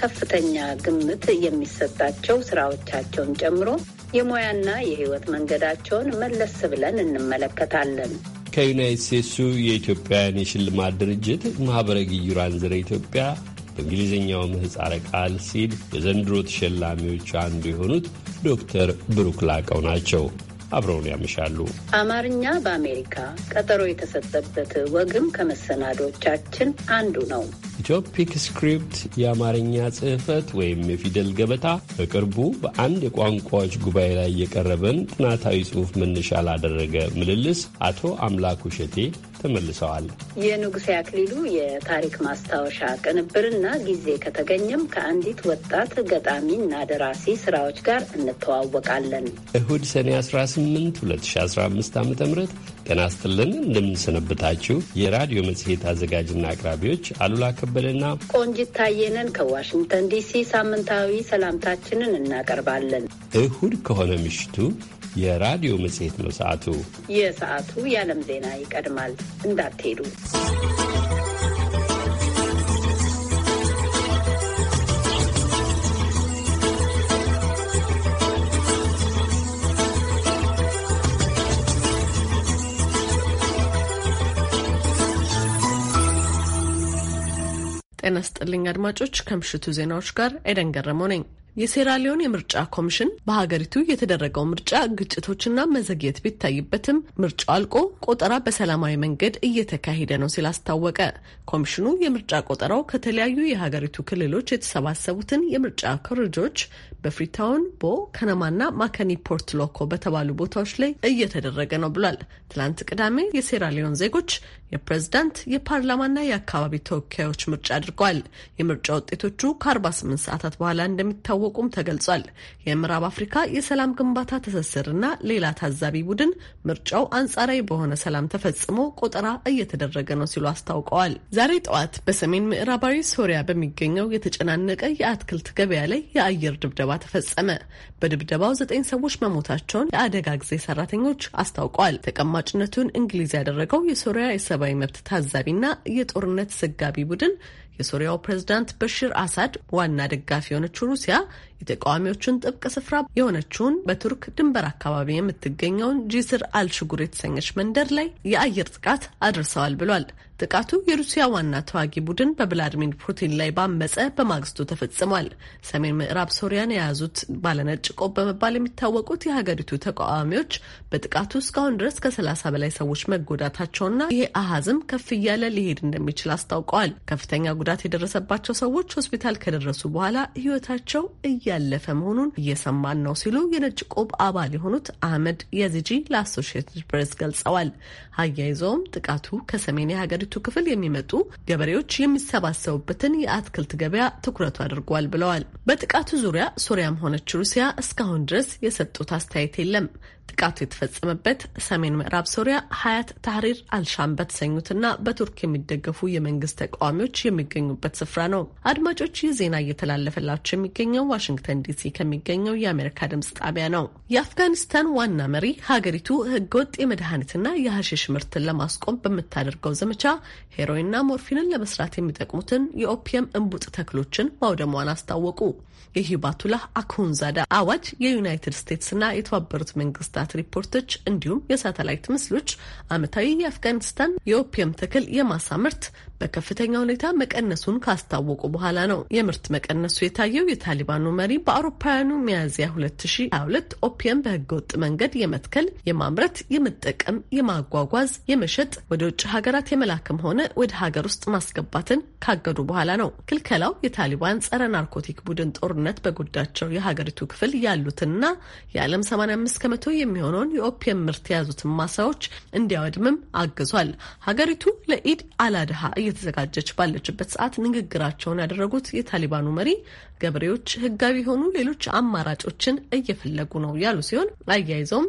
ከፍተኛ ግምት የሚሰጣቸው ስራዎቻቸውን ጨምሮ የሙያና የህይወት መንገዳቸውን መለስ ብለን እንመለከታለን። ከዩናይት ስቴትሱ የኢትዮጵያውያን የሽልማት ድርጅት ማኅበረ ግዩራን ዘረ ኢትዮጵያ በእንግሊዝኛው ምህፃረ ቃል ሲል የዘንድሮ ተሸላሚዎች አንዱ የሆኑት ዶክተር ብሩክ ላቀው ናቸው። አብረውን ያመሻሉ። አማርኛ በአሜሪካ ቀጠሮ የተሰጠበት ወግም ከመሰናዶቻችን አንዱ ነው። ኢትዮፒክ ስክሪፕት የአማርኛ ጽህፈት ወይም የፊደል ገበታ በቅርቡ በአንድ የቋንቋዎች ጉባኤ ላይ የቀረበን ጥናታዊ ጽሑፍ መነሻ ላደረገ ምልልስ አቶ አምላክ ውሸቴ ተመልሰዋል። የንጉሴ አክሊሉ የታሪክ ማስታወሻ ቅንብርና ጊዜ ከተገኘም ከአንዲት ወጣት ገጣሚና ደራሲ ስራዎች ጋር እንተዋወቃለን። እሁድ ሰኔ 18 2015 ዓ ም ጤና ይስጥልን። እንደምንሰነብታችሁ የራዲዮ መጽሔት አዘጋጅና አቅራቢዎች አሉላ ከበደና ቆንጂት ታየነን ከዋሽንግተን ዲሲ ሳምንታዊ ሰላምታችንን እናቀርባለን። እሁድ ከሆነ ምሽቱ የራዲዮ መጽሔት ነው። ሰዓቱ የሰዓቱ የዓለም ዜና ይቀድማል፣ እንዳትሄዱ ጤና ስጥልኝ አድማጮች፣ ከምሽቱ ዜናዎች ጋር ኤደን ገረመው ነኝ። የሴራሊዮን የምርጫ ኮሚሽን በሀገሪቱ የተደረገው ምርጫ ግጭቶችና መዘግየት ቢታይበትም ምርጫው አልቆ ቆጠራ በሰላማዊ መንገድ እየተካሄደ ነው ሲል አስታወቀ። ኮሚሽኑ የምርጫ ቆጠራው ከተለያዩ የሀገሪቱ ክልሎች የተሰባሰቡትን የምርጫ ኮረጆች በፍሪታውን፣ ቦ ከነማና ማከኒ ፖርት ሎኮ በተባሉ ቦታዎች ላይ እየተደረገ ነው ብሏል። ትላንት ቅዳሜ የሴራሊዮን ዜጎች የፕሬዝዳንት የፓርላማና የአካባቢ ተወካዮች ምርጫ አድርጓል። የምርጫ ውጤቶቹ ከ48 ሰዓታት በኋላ እንደሚታወቁም ተገልጿል። የምዕራብ አፍሪካ የሰላም ግንባታ ትስስርና ሌላ ታዛቢ ቡድን ምርጫው አንጻራዊ በሆነ ሰላም ተፈጽሞ ቆጠራ እየተደረገ ነው ሲሉ አስታውቀዋል። ዛሬ ጠዋት በሰሜን ምዕራባዊ ሶሪያ በሚገኘው የተጨናነቀ የአትክልት ገበያ ላይ የአየር ድብደባ ተፈጸመ። በድብደባው ዘጠኝ ሰዎች መሞታቸውን የአደጋ ጊዜ ሰራተኞች አስታውቀዋል። ተቀማጭነቱን እንግሊዝ ያደረገው የሶሪያ የሰ የሰብአዊ መብት ታዛቢና የጦርነት ዘጋቢ ቡድን የሶሪያው ፕሬዝዳንት በሽር አሳድ ዋና ደጋፊ የሆነችው ሩሲያ የተቃዋሚዎቹን ጥብቅ ስፍራ የሆነችውን በቱርክ ድንበር አካባቢ የምትገኘውን ጂስር አልሽጉር የተሰኘች መንደር ላይ የአየር ጥቃት አድርሰዋል ብሏል። ጥቃቱ የሩሲያ ዋና ተዋጊ ቡድን በቭላድሚር ፑቲን ላይ ባመፀ በማግስቱ ተፈጽሟል። ሰሜን ምዕራብ ሶሪያን የያዙት ባለነጭ ቆብ በመባል የሚታወቁት የሀገሪቱ ተቃዋሚዎች በጥቃቱ እስካሁን ድረስ ከ30 በላይ ሰዎች መጎዳታቸውና ይሄ አሃዝም ከፍ እያለ ሊሄድ እንደሚችል አስታውቀዋል። ከፍተኛ ጉዳት የደረሰባቸው ሰዎች ሆስፒታል ከደረሱ በኋላ ሕይወታቸው እያለፈ መሆኑን እየሰማን ነው ሲሉ የነጭ ቆብ አባል የሆኑት አህመድ የዚጂ ለአሶሽትድ ፕሬስ ገልጸዋል። አያይዘውም ጥቃቱ ከሰሜን የሀገሪቱ ክፍል የሚመጡ ገበሬዎች የሚሰባሰቡበትን የአትክልት ገበያ ትኩረቱ አድርጓል ብለዋል። በጥቃቱ ዙሪያ ሱሪያም ሆነች ሩሲያ እስካሁን ድረስ የሰጡት አስተያየት የለም። ጥቃቱ የተፈጸመበት ሰሜን ምዕራብ ሶሪያ ሀያት ታህሪር አልሻም በተሰኙትና በቱርክ የሚደገፉ የመንግስት ተቃዋሚዎች የሚገኙበት ስፍራ ነው። አድማጮች ይህ ዜና እየተላለፈላቸው የሚገኘው ዋሽንግተን ዲሲ ከሚገኘው የአሜሪካ ድምጽ ጣቢያ ነው። የአፍጋኒስታን ዋና መሪ ሀገሪቱ ህገወጥ የመድኃኒትና የሀሽሽ ምርትን ለማስቆም በምታደርገው ዘመቻ ሄሮይንና ሞርፊንን ለመስራት የሚጠቅሙትን የኦፒየም እንቡጥ ተክሎችን ማውደሟን አስታወቁ። የሂባቱላ አኮንዛዳ አዋጅ የዩናይትድ ስቴትስና የተባበሩት መንግስታት ሪፖርቶች እንዲሁም የሳተላይት ምስሎች አመታዊ የአፍጋኒስታን የኦፒየም ተክል የማሳ ምርት በከፍተኛ ሁኔታ መቀነሱን ካስታወቁ በኋላ ነው። የምርት መቀነሱ የታየው የታሊባኑ መሪ በአውሮፓውያኑ ሚያዝያ 2022 ኦፒየም በህገወጥ መንገድ የመትከል፣ የማምረት፣ የመጠቀም፣ የማጓጓዝ፣ የመሸጥ፣ ወደ ውጭ ሀገራት የመላክም ሆነ ወደ ሀገር ውስጥ ማስገባትን ካገዱ በኋላ ነው። ክልከላው የታሊባን ጸረ ናርኮቲክ ቡድን ጦርነት በጎዳቸው የሀገሪቱ ክፍል ያሉትንና የዓለም 85 ከመቶ የሚሆነውን የኦፒየም ምርት የያዙትን ማሳዎች እንዲያወድምም አግዟል። ሀገሪቱ ለኢድ አላድሃ እየተዘጋጀች ባለችበት ሰዓት ንግግራቸውን ያደረጉት የታሊባኑ መሪ ገበሬዎች ህጋዊ የሆኑ ሌሎች አማራጮችን እየፈለጉ ነው ያሉ ሲሆን አያይዘውም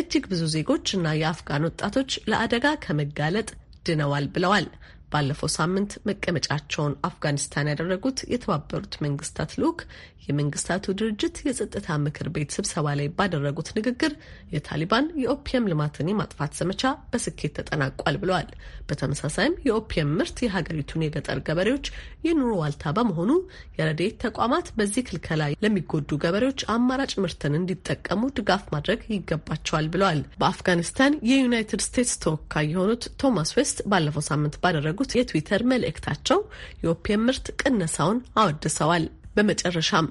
እጅግ ብዙ ዜጎች እና የአፍጋን ወጣቶች ለአደጋ ከመጋለጥ ድነዋል ብለዋል። ባለፈው ሳምንት መቀመጫቸውን አፍጋኒስታን ያደረጉት የተባበሩት መንግስታት ልዑክ የመንግስታቱ ድርጅት የጸጥታ ምክር ቤት ስብሰባ ላይ ባደረጉት ንግግር የታሊባን የኦፒየም ልማትን የማጥፋት ዘመቻ በስኬት ተጠናቋል ብለዋል። በተመሳሳይም የኦፒየም ምርት የሀገሪቱን የገጠር ገበሬዎች የኑሮ ዋልታ በመሆኑ የረድኤት ተቋማት በዚህ ክልከላ ለሚጎዱ ገበሬዎች አማራጭ ምርትን እንዲጠቀሙ ድጋፍ ማድረግ ይገባቸዋል ብለዋል። በአፍጋኒስታን የዩናይትድ ስቴትስ ተወካይ የሆኑት ቶማስ ዌስት ባለፈው ሳምንት ባደረጉ ባደረጉት የትዊተር መልእክታቸው የኦፒየም ምርት ቅነሳውን አወድሰዋል። በመጨረሻም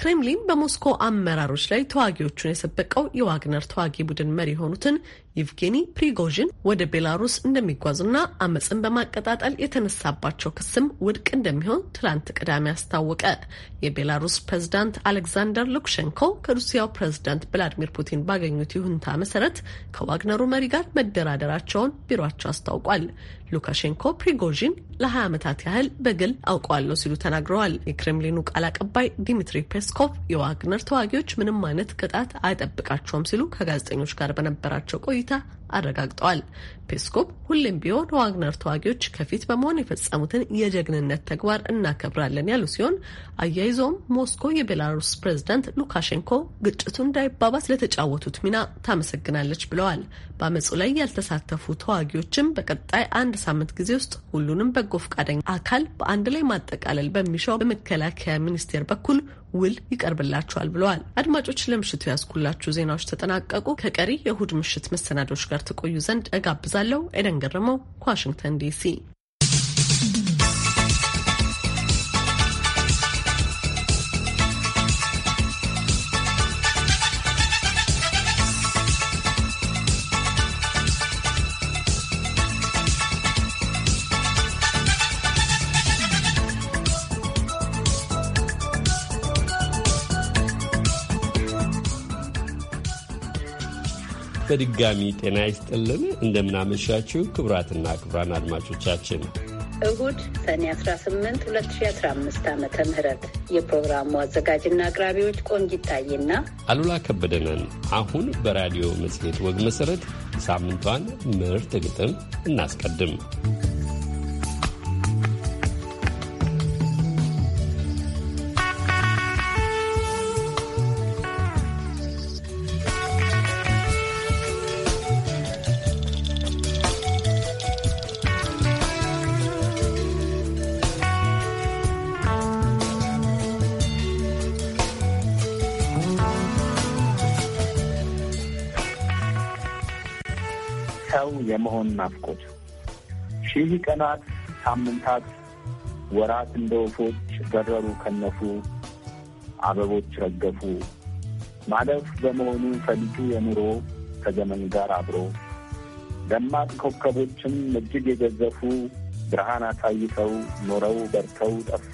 ክሬምሊን በሞስኮ አመራሮች ላይ ተዋጊዎቹን የሰበቀው የዋግነር ተዋጊ ቡድን መሪ የሆኑትን ኢቭጌኒ ፕሪጎዥን ወደ ቤላሩስ እንደሚጓዙና አመፅን በማቀጣጠል የተነሳባቸው ክስም ውድቅ እንደሚሆን ትላንት ቅዳሜ አስታወቀ። የቤላሩስ ፕሬዝዳንት አሌክዛንደር ሉካሼንኮ ከሩሲያው ፕሬዝዳንት ቭላዲሚር ፑቲን ባገኙት ይሁንታ መሰረት ከዋግነሩ መሪ ጋር መደራደራቸውን ቢሮቸው አስታውቋል። ሉካሼንኮ ፕሪጎዥን ለ20 ዓመታት ያህል በግል አውቀዋለሁ ሲሉ ተናግረዋል። የክሬምሊኑ ቃል አቀባይ ዲሚትሪ ፔስኮቭ የዋግነር ተዋጊዎች ምንም አይነት ቅጣት አይጠብቃቸውም ሲሉ ከጋዜጠኞች ጋር በነበራቸው ቆይታ Rita አረጋግጠዋል። ፔስኮቭ ሁሌም ቢሆን ዋግነር ተዋጊዎች ከፊት በመሆን የፈጸሙትን የጀግንነት ተግባር እናከብራለን ያሉ ሲሆን አያይዘውም ሞስኮ የቤላሩስ ፕሬዝዳንት ሉካሼንኮ ግጭቱ እንዳይባባስ ለተጫወቱት ሚና ታመሰግናለች ብለዋል። በአመፁ ላይ ያልተሳተፉ ተዋጊዎችም በቀጣይ አንድ ሳምንት ጊዜ ውስጥ ሁሉንም በጎ ፈቃደኛ አካል በአንድ ላይ ማጠቃለል በሚሻው በመከላከያ ሚኒስቴር በኩል ውል ይቀርብላቸዋል ብለዋል። አድማጮች ለምሽቱ ያስኩላችሁ ዜናዎች ተጠናቀቁ። ከቀሪ የእሁድ ምሽት መሰናዶች ጋር ጋር ትቆዩ ዘንድ እጋብዛለሁ። ኤደን ገረመው ከዋሽንግተን ዲሲ በድጋሚ ጤና ይስጥልን። እንደምናመሻችው ክቡራትና ክቡራን አድማጮቻችን እሁድ ሰኔ 18 2015 ዓ ም የፕሮግራሙ አዘጋጅና አቅራቢዎች ቆንጂት ታዬና አሉላ ከበደነን። አሁን በራዲዮ መጽሔት ወግ መሠረት ሳምንቷን ምርጥ ግጥም እናስቀድም። የመሆን ናፍቆት ሺህ ቀናት፣ ሳምንታት፣ ወራት እንደ ወፎች በረሩ ከነፉ አበቦች ረገፉ ማለፍ በመሆኑ ፈሊጡ የኑሮ ከዘመን ጋር አብሮ ደማቅ ኮከቦችም እጅግ የገዘፉ ብርሃን አሳይተው ኖረው በርተው ጠፉ።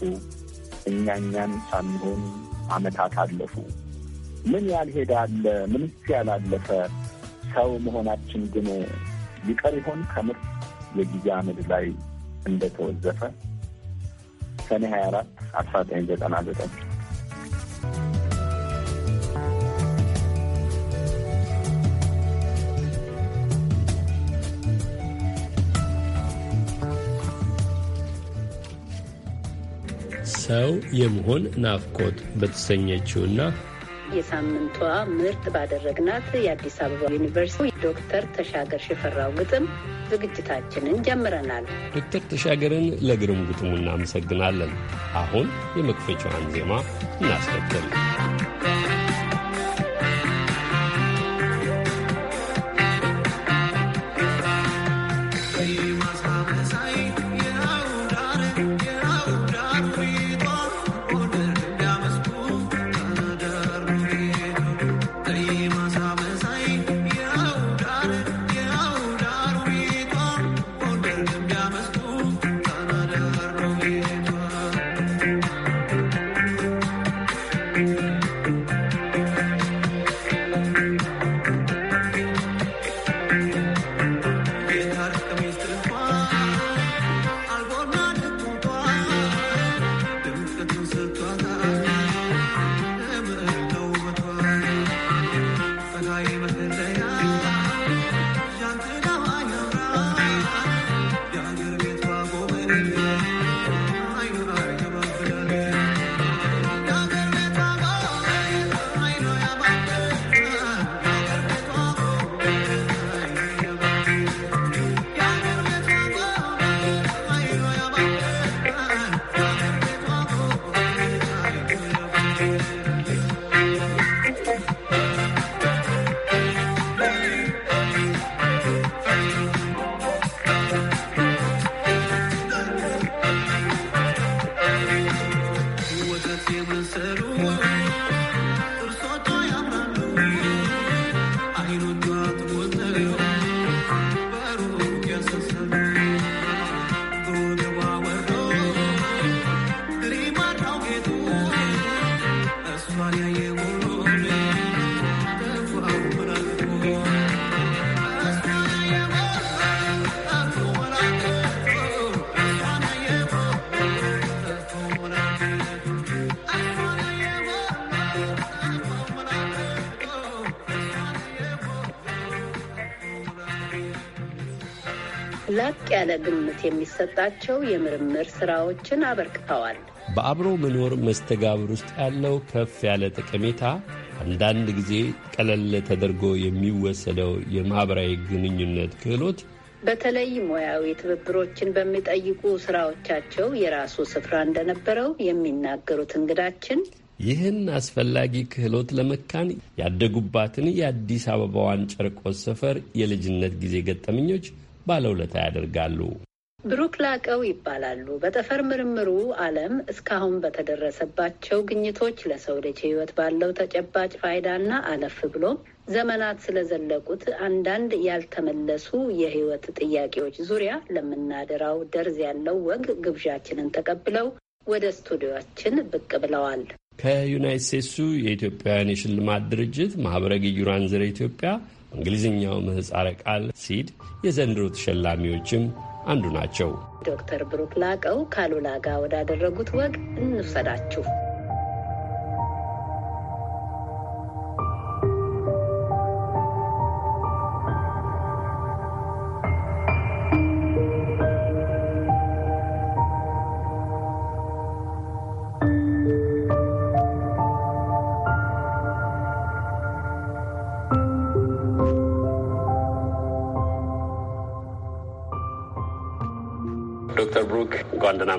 እኛኛን ሳንሆን ዓመታት አለፉ። ምን ያልሄዳለ ምንስ ያላለፈ ሰው መሆናችን ግን ሊቀር ይሆን? ከምር የጊዜ አመድ ላይ እንደተወዘፈ ሰኔ 24 1999 ሰው የመሆን ናፍቆት በተሰኘችውና የሳምንቷ ምርጥ ባደረግናት የአዲስ አበባ ዩኒቨርሲቲ ዶክተር ተሻገር ሽፈራው ግጥም ዝግጅታችንን ጀምረናል። ዶክተር ተሻገርን ለግርም ግጥሙ እናመሰግናለን። አሁን የመክፈቻዋን ዜማ እናስከትል። ያለ ግምት የሚሰጣቸው የምርምር ስራዎችን አበርክተዋል። በአብሮ መኖር መስተጋብር ውስጥ ያለው ከፍ ያለ ጠቀሜታ አንዳንድ ጊዜ ቀለል ተደርጎ የሚወሰደው የማኅበራዊ ግንኙነት ክህሎት በተለይ ሙያዊ ትብብሮችን በሚጠይቁ ስራዎቻቸው የራሱ ስፍራ እንደነበረው የሚናገሩት እንግዳችን ይህን አስፈላጊ ክህሎት ለመካን ያደጉባትን የአዲስ አበባዋን ጨርቆስ ሰፈር የልጅነት ጊዜ ገጠመኞች ባለውለታ ያደርጋሉ። ብሩክ ላቀው ይባላሉ። በጠፈር ምርምሩ ዓለም እስካሁን በተደረሰባቸው ግኝቶች ለሰው ልጅ ሕይወት ባለው ተጨባጭ ፋይዳና አለፍ ብሎም ዘመናት ስለዘለቁት አንዳንድ ያልተመለሱ የሕይወት ጥያቄዎች ዙሪያ ለምናደራው ደርዝ ያለው ወግ ግብዣችንን ተቀብለው ወደ ስቱዲዮችን ብቅ ብለዋል። ከዩናይት ስቴትሱ የኢትዮጵያውያን የሽልማት ድርጅት ማህበረ ግዩራን ዘረ ኢትዮጵያ እንግሊዝኛው ምህፃረ ቃል ሲድ የዘንድሮ ተሸላሚዎችም አንዱ ናቸው። ዶክተር ብሩክ ላቀው ካሉላ ጋር ወዳደረጉት ወግ እንውሰዳችሁ።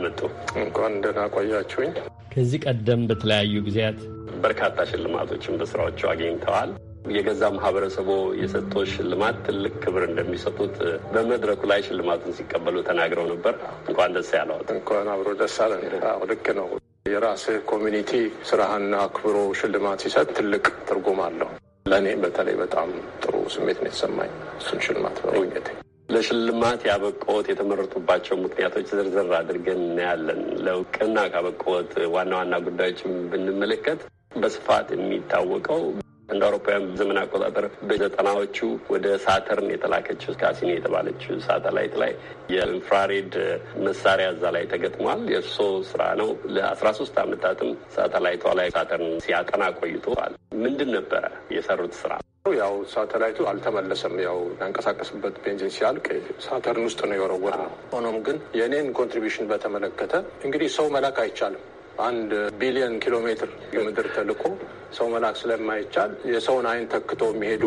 መጡ። እንኳን ደህና ቆያችሁኝ። ከዚህ ቀደም በተለያዩ ጊዜያት በርካታ ሽልማቶችን በስራዎቹ አግኝተዋል። የገዛ ማህበረሰቡ የሰጠው ሽልማት ትልቅ ክብር እንደሚሰጡት በመድረኩ ላይ ሽልማቱን ሲቀበሉ ተናግረው ነበር። እንኳን ደስ ያለዎት። እንኳን አብሮ ደስ አለን። ልክ ነው። የራስህ ኮሚኒቲ ስራህን አክብሮ ሽልማት ሲሰጥ ትልቅ ትርጉም አለው። ለእኔ በተለይ በጣም ጥሩ ስሜት ነው የተሰማኝ እሱን ሽልማት በውኘቴ ለሽልማት ያበቆት የተመረጡባቸው ምክንያቶች ዝርዝር አድርገን እናያለን። ለእውቅና ካበቆት ዋና ዋና ጉዳዮችም ብንመለከት በስፋት የሚታወቀው እንደ አውሮፓውያን ዘመን አቆጣጠር በዘጠናዎቹ ወደ ሳተርን የተላከችው ካሲኒ የተባለችው ሳተላይት ላይ የኢንፍራሬድ መሳሪያ እዛ ላይ ተገጥሟል። የእርሶ ስራ ነው። ለአስራ ሶስት አመታትም ሳተላይቷ ላይ ሳተርን ሲያጠና ቆይቷል። ምንድን ነበረ የሰሩት ስራ? ያው ሳተላይቱ አልተመለሰም። ያው ያንቀሳቀስበት ቤንዚን ሲያልቅ ሳተርን ውስጥ ነው የወረወር ነው። ሆኖም ግን የእኔን ኮንትሪቢሽን በተመለከተ እንግዲህ ሰው መላክ አይቻልም። አንድ ቢሊዮን ኪሎ ሜትር የምድር ተልቆ ሰው መላክ ስለማይቻል የሰውን አይን ተክቶ የሚሄዱ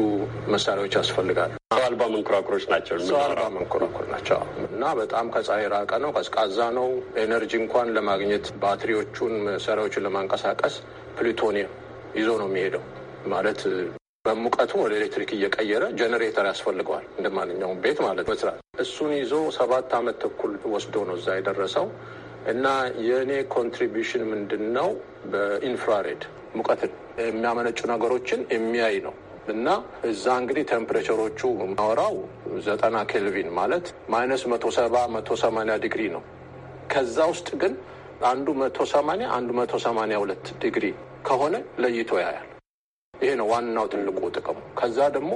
መሳሪያዎች ያስፈልጋል። ሰው አልባ መንኮራኩሮች ናቸው። ሰው አልባ መንኮራኩር ናቸው እና በጣም ከፀሐይ ራቀ ነው፣ ቀዝቃዛ ነው። ኤነርጂ እንኳን ለማግኘት ባትሪዎቹን መሳሪያዎቹን ለማንቀሳቀስ ፕሉቶኒየም ይዞ ነው የሚሄደው ማለት በሙቀቱም ወደ ኤሌክትሪክ እየቀየረ ጀኔሬተር ያስፈልገዋል እንደ ማንኛውም ቤት ማለት መስራት። እሱን ይዞ ሰባት ዓመት ተኩል ወስዶ ነው እዛ የደረሰው እና የእኔ ኮንትሪቢሽን ምንድን ነው? በኢንፍራሬድ ሙቀትን የሚያመነጩ ነገሮችን የሚያይ ነው እና እዛ እንግዲህ ቴምፕሬቸሮቹ ማወራው ዘጠና ኬልቪን ማለት ማይነስ መቶ ሰባ መቶ ሰማኒያ ዲግሪ ነው። ከዛ ውስጥ ግን አንዱ መቶ ሰማኒያ አንዱ መቶ ሰማኒያ ሁለት ዲግሪ ከሆነ ለይቶ ያያል። ይሄ ነው ዋናው ትልቁ ጥቅሙ። ከዛ ደግሞ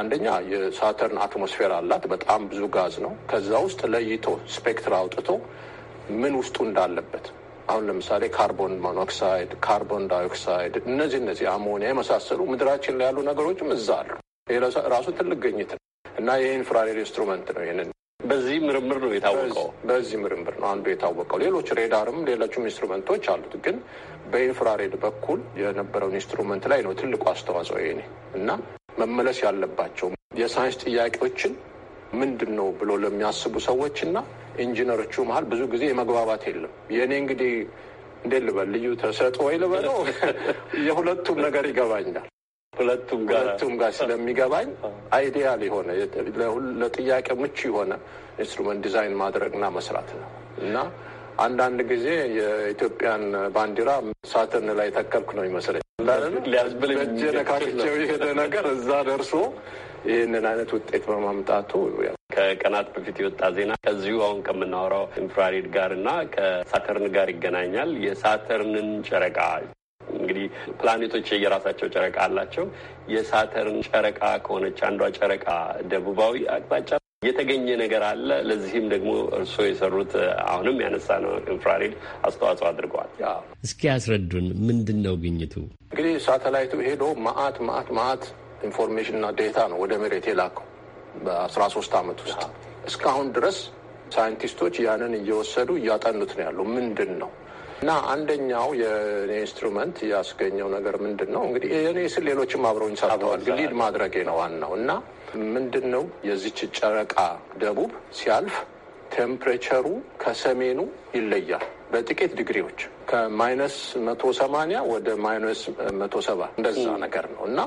አንደኛ የሳተርን አትሞስፌር አላት። በጣም ብዙ ጋዝ ነው። ከዛ ውስጥ ለይቶ ስፔክትር አውጥቶ ምን ውስጡ እንዳለበት አሁን ለምሳሌ ካርቦን ሞኖክሳይድ፣ ካርቦን ዳይኦክሳይድ እነዚህ እነዚህ አሞኒያ የመሳሰሉ ምድራችን ላይ ያሉ ነገሮችም እዛ አሉ። ራሱ ትልቅ ግኝት ነው እና ይህ ኢንፍራሬድ ኢንስትሩመንት ነው። ይህንን በዚህ ምርምር ነው የታወቀው። በዚህ ምርምር ነው አንዱ የታወቀው። ሌሎች ሬዳርም ሌሎችም ኢንስትሩመንቶች አሉት፣ ግን በኢንፍራሬድ በኩል የነበረውን ኢንስትሩመንት ላይ ነው ትልቁ አስተዋጽኦ የኔ እና መመለስ ያለባቸው የሳይንስ ጥያቄዎችን ምንድን ነው ብሎ ለሚያስቡ ሰዎች እና ኢንጂነሮቹ መሀል ብዙ ጊዜ የመግባባት የለም። የእኔ እንግዲህ እንዴ ልበል ልዩ ተሰጦ ወይ ልበለው የሁለቱም ነገር ይገባኛል። ሁለቱም ጋር ስለሚገባኝ አይዲያል የሆነ ለጥያቄ ምቹ የሆነ ኢንስትሩመንት ዲዛይን ማድረግና መስራት ነው እና አንዳንድ ጊዜ የኢትዮጵያን ባንዲራ ሳትን ላይ ተከልኩ ነው ይመስለኝ በእጄ ነካክቸው የሄደ ነገር እዛ ደርሶ ይህንን አይነት ውጤት በማምጣቱ ከቀናት በፊት የወጣ ዜና ከዚሁ አሁን ከምናወራው ኢንፍራሬድ ጋር እና ከሳተርን ጋር ይገናኛል። የሳተርንን ጨረቃ እንግዲህ ፕላኔቶች የራሳቸው ጨረቃ አላቸው። የሳተርን ጨረቃ ከሆነች አንዷ ጨረቃ ደቡባዊ አቅጣጫ የተገኘ ነገር አለ። ለዚህም ደግሞ እርስዎ የሰሩት አሁንም ያነሳ ነው ኢንፍራሬድ አስተዋጽኦ አድርገዋል። እስኪ ያስረዱን፣ ምንድን ነው ግኝቱ? እንግዲህ ሳተላይቱ ሄዶ ማአት ማአት ማአት ኢንፎርሜሽንና ዴታ ነው ወደ መሬት የላከው በአስራ ሶስት ዓመት ውስጥ እስካሁን ድረስ ሳይንቲስቶች ያንን እየወሰዱ እያጠኑት ነው ያሉ ምንድን ነው እና አንደኛው የኔ ኢንስትሩመንት ያስገኘው ነገር ምንድን ነው እንግዲህ የኔ ስል ሌሎችም አብረውኝ ሰርተዋል። ሊድ ማድረጌ ነው ዋናው እና ምንድን ነው የዚች ጨረቃ ደቡብ ሲያልፍ ቴምፕሬቸሩ ከሰሜኑ ይለያል በጥቂት ዲግሪዎች ከማይነስ መቶ ሰማኒያ ወደ ማይነስ መቶ ሰባ እንደዛ ነገር ነው እና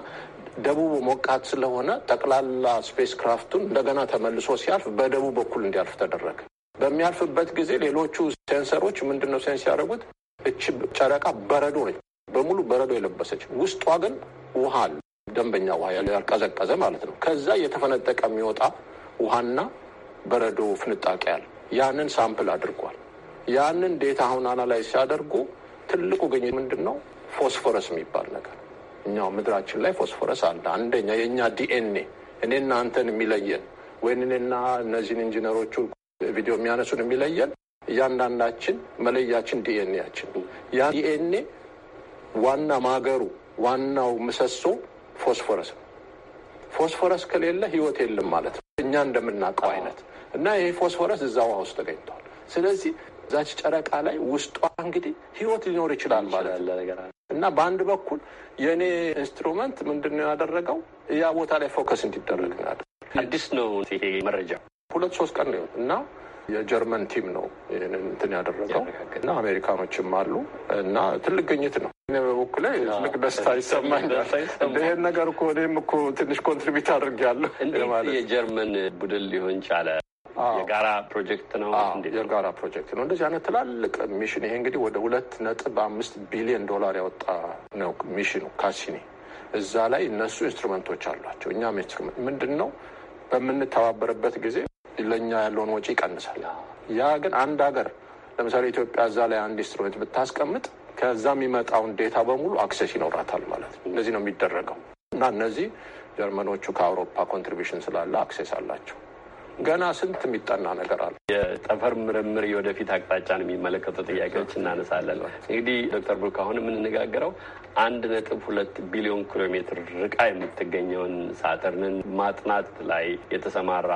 ደቡቡ ሞቃት ስለሆነ ጠቅላላ ስፔስ ክራፍቱን እንደገና ተመልሶ ሲያልፍ በደቡብ በኩል እንዲያልፍ ተደረገ። በሚያልፍበት ጊዜ ሌሎቹ ሴንሰሮች ምንድን ነው ሴንስ ያደረጉት? እች ጨረቃ በረዶ ነች፣ በሙሉ በረዶ የለበሰች ውስጧ ግን ውሃ አለ። ደንበኛ ውሃ ያልቀዘቀዘ ማለት ነው። ከዛ የተፈነጠቀ የሚወጣ ውሃና በረዶ ፍንጣቂ አለ። ያንን ሳምፕል አድርጓል። ያንን ዴታ አሁን አናላይዝ ሲያደርጉ ትልቁ ገኘ ምንድን ነው? ፎስፎረስ የሚባል ነገር እኛው ምድራችን ላይ ፎስፎረስ አለ። አንደኛ የእኛ ዲኤንኤ እኔና አንተን የሚለየን ወይን እኔና እነዚህን ኢንጂነሮቹ ቪዲዮ የሚያነሱን የሚለየን እያንዳንዳችን መለያችን ዲኤንኤያችን ያ ዲኤንኤ ዋና ማገሩ ዋናው ምሰሶ ፎስፎረስ ነው። ፎስፎረስ ከሌለ ህይወት የለም ማለት ነው፣ እኛ እንደምናውቀው አይነት እና ይህ ፎስፎረስ እዛ ውሃ ውስጥ ተገኝቷል። ስለዚህ እዛች ጨረቃ ላይ ውስጧ እንግዲህ ህይወት ሊኖር ይችላል ማለት ነው እና በአንድ በኩል የእኔ ኢንስትሩመንት ምንድን ነው ያደረገው ያ ቦታ ላይ ፎከስ እንዲደረግ አዲስ ነው ይሄ መረጃ ሁለት ሶስት ቀን ነው እና የጀርመን ቲም ነው ይህንን እንትን ያደረገው እና አሜሪካኖችም አሉ እና ትልቅ ግኝት ነው። በበኩሌ ትልቅ ደስታ ይሰማኛል። ነገር እኮ እኔም እኮ ትንሽ ኮንትሪቢዩት አድርጌያለሁ። እንዴት የጀርመን ቡድን ሊሆን ቻለ? የጋራ ፕሮጀክት ነው። የጋራ ፕሮጀክት ነው። እንደዚህ አይነት ትላልቅ ሚሽን ይሄ እንግዲህ ወደ ሁለት ነጥብ አምስት ቢሊዮን ዶላር ያወጣ ነው ሚሽኑ ካሲኒ። እዛ ላይ እነሱ ኢንስትሩመንቶች አሏቸው። እኛም ኢንስትሩመንት ምንድን ነው በምንተባበርበት ጊዜ ለእኛ ያለውን ወጪ ይቀንሳል። ያ ግን አንድ ሀገር ለምሳሌ ኢትዮጵያ እዛ ላይ አንድ ኢንስትሩመንት ብታስቀምጥ ከዛ የሚመጣውን ዴታ በሙሉ አክሴስ ይኖራታል ማለት ነው። እነዚህ ነው የሚደረገው እና እነዚህ ጀርመኖቹ ከአውሮፓ ኮንትሪቢሽን ስላለ አክሴስ አላቸው። ገና ስንት የሚጠና ነገር አለ። የጠፈር ምርምር የወደፊት አቅጣጫን የሚመለከቱ ጥያቄዎች እናነሳለን። እንግዲህ ዶክተር ብሩክ አሁን የምንነጋገረው አንድ ነጥብ ሁለት ቢሊዮን ኪሎ ሜትር ርቃ የምትገኘውን ሳተርንን ማጥናት ላይ የተሰማራ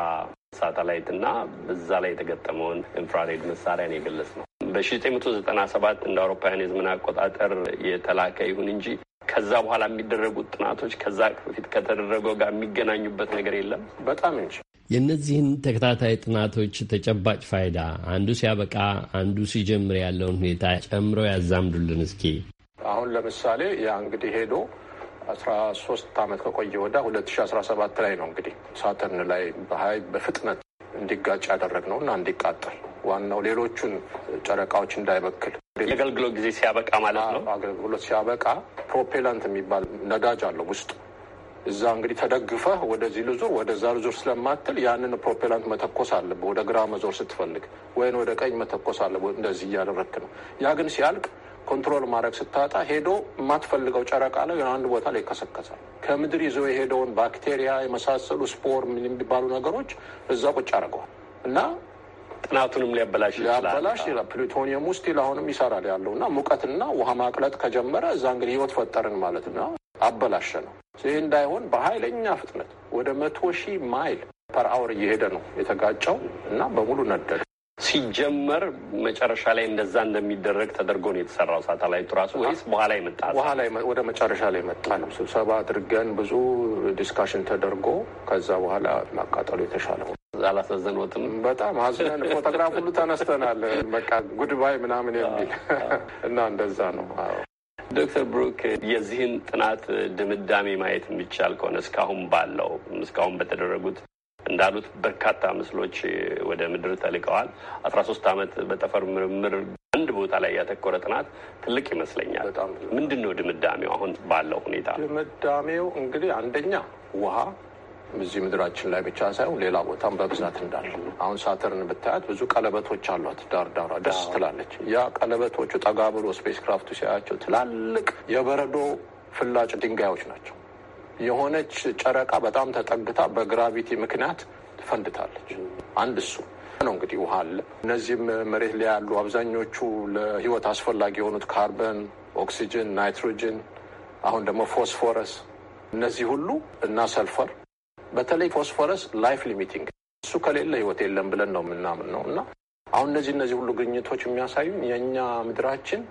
ሳተላይት እና በዛ ላይ የተገጠመውን ኢንፍራሬድ መሳሪያን የገለጽ ነው። በ1997 እንደ አውሮፓውያን የዘመን አቆጣጠር የተላከ ይሁን እንጂ ከዛ በኋላ የሚደረጉት ጥናቶች ከዛ በፊት ከተደረገው ጋር የሚገናኙበት ነገር የለም። በጣም እንጂ የእነዚህን ተከታታይ ጥናቶች ተጨባጭ ፋይዳ አንዱ ሲያበቃ አንዱ ሲጀምር ያለውን ሁኔታ ጨምረው ያዛምዱልን እስኪ። አሁን ለምሳሌ ያ እንግዲህ ሄዶ አስራ ሶስት ዓመት ከቆየ ወዳ ሁለት ሺ አስራ ሰባት ላይ ነው እንግዲህ ሳተርን ላይ በሀይ በፍጥነት እንዲጋጭ ነው እና እንዲቃጠል ዋናው ሌሎቹን ጨረቃዎች እንዳይበክል የአገልግሎት ጊዜ ሲያበቃ ማለት ነው። አገልግሎት ሲያበቃ ፕሮፔላንት የሚባል ነዳጅ አለው ውስጡ። እዛ እንግዲህ ተደግፈህ ወደዚህ ልዙር ወደዛ ልዙር ስለማትል ያንን ፕሮፔላንት መተኮስ አለብህ። ወደ ግራ መዞር ስትፈልግ ወይን ወደ ቀኝ መተኮስ አለብህ። እንደዚህ እያደረክ ነው። ያ ግን ሲያልቅ ኮንትሮል ማድረግ ስታጣ ሄዶ የማትፈልገው ጨረቃ ነው አንድ ቦታ ላይ ይከሰከሳል። ከምድር ይዞ የሄደውን ባክቴሪያ የመሳሰሉ ስፖር የሚባሉ ነገሮች እዛ ቁጭ አድርገዋል እና ጥናቱንም ሊያበላሽ ሊያበላሽ ይላል። ፕሉቶኒየም ውስጥ አሁንም ይሰራል ያለው እና ሙቀትና ውሃ ማቅለጥ ከጀመረ እዛ እንግዲህ ህይወት ፈጠርን ማለት ነው። አበላሸ ነው። ይህ እንዳይሆን በኃይለኛ ፍጥነት ወደ መቶ ሺህ ማይል ፐር አወር እየሄደ ነው የተጋጨው እና በሙሉ ነደደ። ሲጀመር መጨረሻ ላይ እንደዛ እንደሚደረግ ተደርጎ ነው የተሰራው ሳተላይቱ ራሱ ወይስ በኋላ የመጣ በኋላ ወደ መጨረሻ ላይ መጣ ነው? ስብሰባ አድርገን ብዙ ዲስካሽን ተደርጎ ከዛ በኋላ ማቃጠሉ የተሻለው አላሳዘንወትም። በጣም አዝነን ፎቶግራፍ ሁሉ ተነስተናል። በቃ ጉድባይ ምናምን የሚል እና እንደዛ ነው። ዶክተር ብሩክ የዚህን ጥናት ድምዳሜ ማየት የሚቻል ከሆነ እስካሁን ባለው እስካሁን በተደረጉት እንዳሉት በርካታ ምስሎች ወደ ምድር ተልቀዋል። አስራ ሶስት ዓመት በጠፈር ምርምር አንድ ቦታ ላይ ያተኮረ ጥናት ትልቅ ይመስለኛል። ምንድን ነው ድምዳሜው? አሁን ባለው ሁኔታ ድምዳሜው እንግዲህ አንደኛ ውሃ እዚህ ምድራችን ላይ ብቻ ሳይሆን ሌላ ቦታም በብዛት እንዳለ አሁን ሳተርን ብታያት ብዙ ቀለበቶች አሏት። ዳር ዳሯ ደስ ትላለች። ያ ቀለበቶቹ ጠጋ ብሎ ስፔስ ክራፍቱ ሲያያቸው ትላልቅ የበረዶ ፍላጭ ድንጋዮች ናቸው። የሆነች ጨረቃ በጣም ተጠግታ በግራቪቲ ምክንያት ትፈንድታለች አንድ እሱ ነው እንግዲህ ውሃ አለ። እነዚህም መሬት ላይ ያሉ አብዛኞቹ ለህይወት አስፈላጊ የሆኑት ካርበን፣ ኦክሲጅን፣ ናይትሮጅን አሁን ደግሞ ፎስፎረስ እነዚህ ሁሉ እና ሰልፈር በተለይ ፎስፎረስ ላይፍ ሊሚቲንግ እሱ ከሌለ ህይወት የለም ብለን ነው የምናምን ነው እና አሁን እነዚህ እነዚህ ሁሉ ግኝቶች የሚያሳዩ የእኛ ምድራችን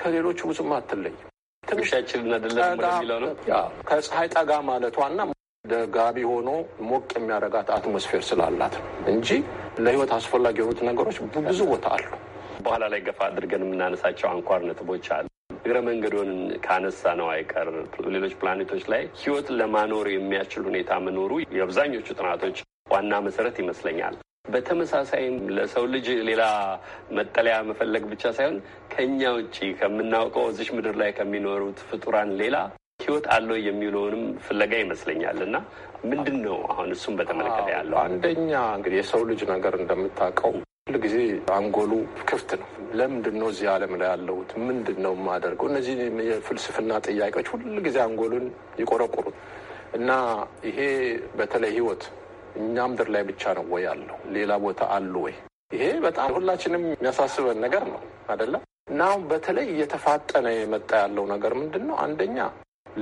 ከሌሎቹ ብዙም አትለይም። ትንሻችንን አይደለም የሚለው ነው። ከፀሐይ ጠጋ ማለት ዋና ደጋቢ ሆኖ ሞቅ የሚያደርጋት አትሞስፌር ስላላት እንጂ ለህይወት አስፈላጊ የሆኑት ነገሮች ብዙ ቦታ አሉ። በኋላ ላይ ገፋ አድርገን የምናነሳቸው አንኳር ነጥቦች አሉ። እግረ መንገዶን ካነሳ ነው አይቀር ሌሎች ፕላኔቶች ላይ ህይወት ለማኖር የሚያስችል ሁኔታ መኖሩ የአብዛኞቹ ጥናቶች ዋና መሰረት ይመስለኛል። በተመሳሳይም ለሰው ልጅ ሌላ መጠለያ መፈለግ ብቻ ሳይሆን ከኛ ውጭ ከምናውቀው እዚች ምድር ላይ ከሚኖሩት ፍጡራን ሌላ ህይወት አለው የሚለውንም ፍለጋ ይመስለኛል እና ምንድን ነው አሁን እሱም በተመለከተ ያለው አንደኛ እንግዲህ የሰው ልጅ ነገር እንደምታውቀው ሁል ጊዜ አንጎሉ ክፍት ነው። ለምንድን ነው እዚህ ዓለም ላይ ያለሁት? ምንድን ነው የማደርገው? እነዚህ የፍልስፍና ጥያቄዎች ሁል ጊዜ አንጎሉን ይቆረቁሩት እና ይሄ በተለይ ህይወት እኛ ምድር ላይ ብቻ ነው ወይ አለው? ሌላ ቦታ አሉ ወይ? ይሄ በጣም ሁላችንም የሚያሳስበን ነገር ነው አይደለም? እና አሁን በተለይ እየተፋጠነ የመጣ ያለው ነገር ምንድን ነው? አንደኛ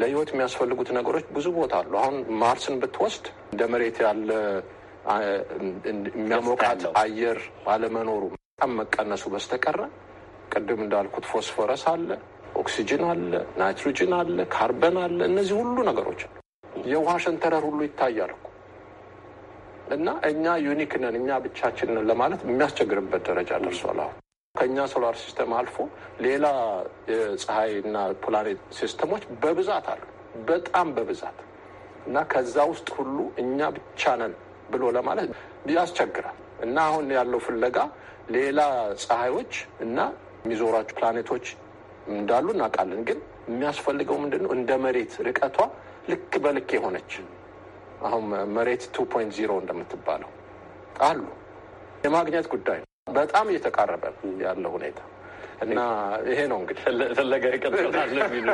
ለህይወት የሚያስፈልጉት ነገሮች ብዙ ቦታ አሉ። አሁን ማርስን ብትወስድ እንደ መሬት ያለ የሚያሞቃት አየር አለመኖሩ በጣም መቀነሱ በስተቀረ ቅድም እንዳልኩት ፎስፎረስ አለ፣ ኦክሲጅን አለ፣ ናይትሮጅን አለ፣ ካርበን አለ። እነዚህ ሁሉ ነገሮች የውሃ ሸንተረር ሁሉ ይታያል እኮ እና እኛ ዩኒክ ነን እኛ ብቻችን ነን ለማለት የሚያስቸግርበት ደረጃ ደርሷል። አሁን ከእኛ ሶላር ሲስተም አልፎ ሌላ የፀሐይና ፕላኔት ሲስተሞች በብዛት አሉ፣ በጣም በብዛት እና ከዛ ውስጥ ሁሉ እኛ ብቻ ነን ብሎ ለማለት ያስቸግራል። እና አሁን ያለው ፍለጋ ሌላ ፀሐዮች እና የሚዞራቸው ፕላኔቶች እንዳሉ እናውቃለን። ግን የሚያስፈልገው ምንድን ነው? እንደ መሬት ርቀቷ ልክ በልክ የሆነች አሁን መሬት ቱ ፖይንት ዚሮ እንደምትባለው አሉ። የማግኘት ጉዳይ ነው። በጣም እየተቃረበ ያለው ሁኔታ እና ይሄ ነው እንግዲህ ፈለገ ይቀጥላል የሚሉ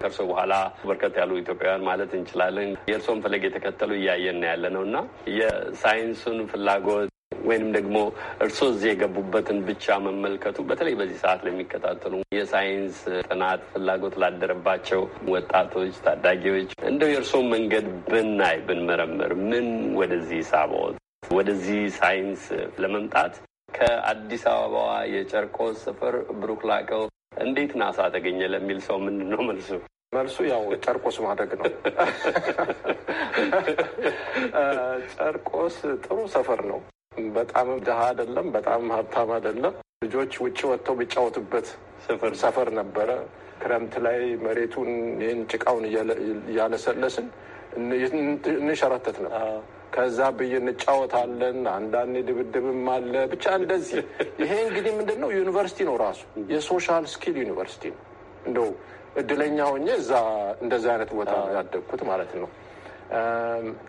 ከእርሶ በኋላ በርከት ያሉ ኢትዮጵያውያን ማለት እንችላለን የእርሶን ፈለግ የተከተሉ እያየን ያለ ነው እና የሳይንሱን ፍላጎት ወይንም ደግሞ እርስዎ እዚህ የገቡበትን ብቻ መመልከቱ በተለይ በዚህ ሰዓት ለሚከታተሉ የሳይንስ ጥናት ፍላጎት ላደረባቸው ወጣቶች፣ ታዳጊዎች እንደው የእርስዎን መንገድ ብናይ ብንመረምር ምን ወደዚህ ሳቦት ወደዚህ ሳይንስ ለመምጣት ከአዲስ አበባዋ የጨርቆስ ሰፈር ብሩክ ላቀው እንዴት ናሳ ተገኘ ለሚል ሰው ምንድን ነው መልሱ? መልሱ ያው ጨርቆስ ማደግ ነው። ጨርቆስ ጥሩ ሰፈር ነው። በጣም ድሃ አይደለም፣ በጣም ሀብታም አይደለም። ልጆች ውጭ ወጥተው የሚጫወቱበት ሰፈር ነበረ። ክረምት ላይ መሬቱን ይህን ጭቃውን እያለሰለስን እንሸረተት ነው። ከዛ ብይ እንጫወታለን። አንዳንድ ድብድብም አለ። ብቻ እንደዚህ ይሄ እንግዲህ ምንድን ነው ዩኒቨርሲቲ ነው ራሱ የሶሻል ስኪል ዩኒቨርሲቲ ነው። እንደው እድለኛ ሆኜ እዛ እንደዚህ አይነት ቦታ ያደግኩት ማለት ነው።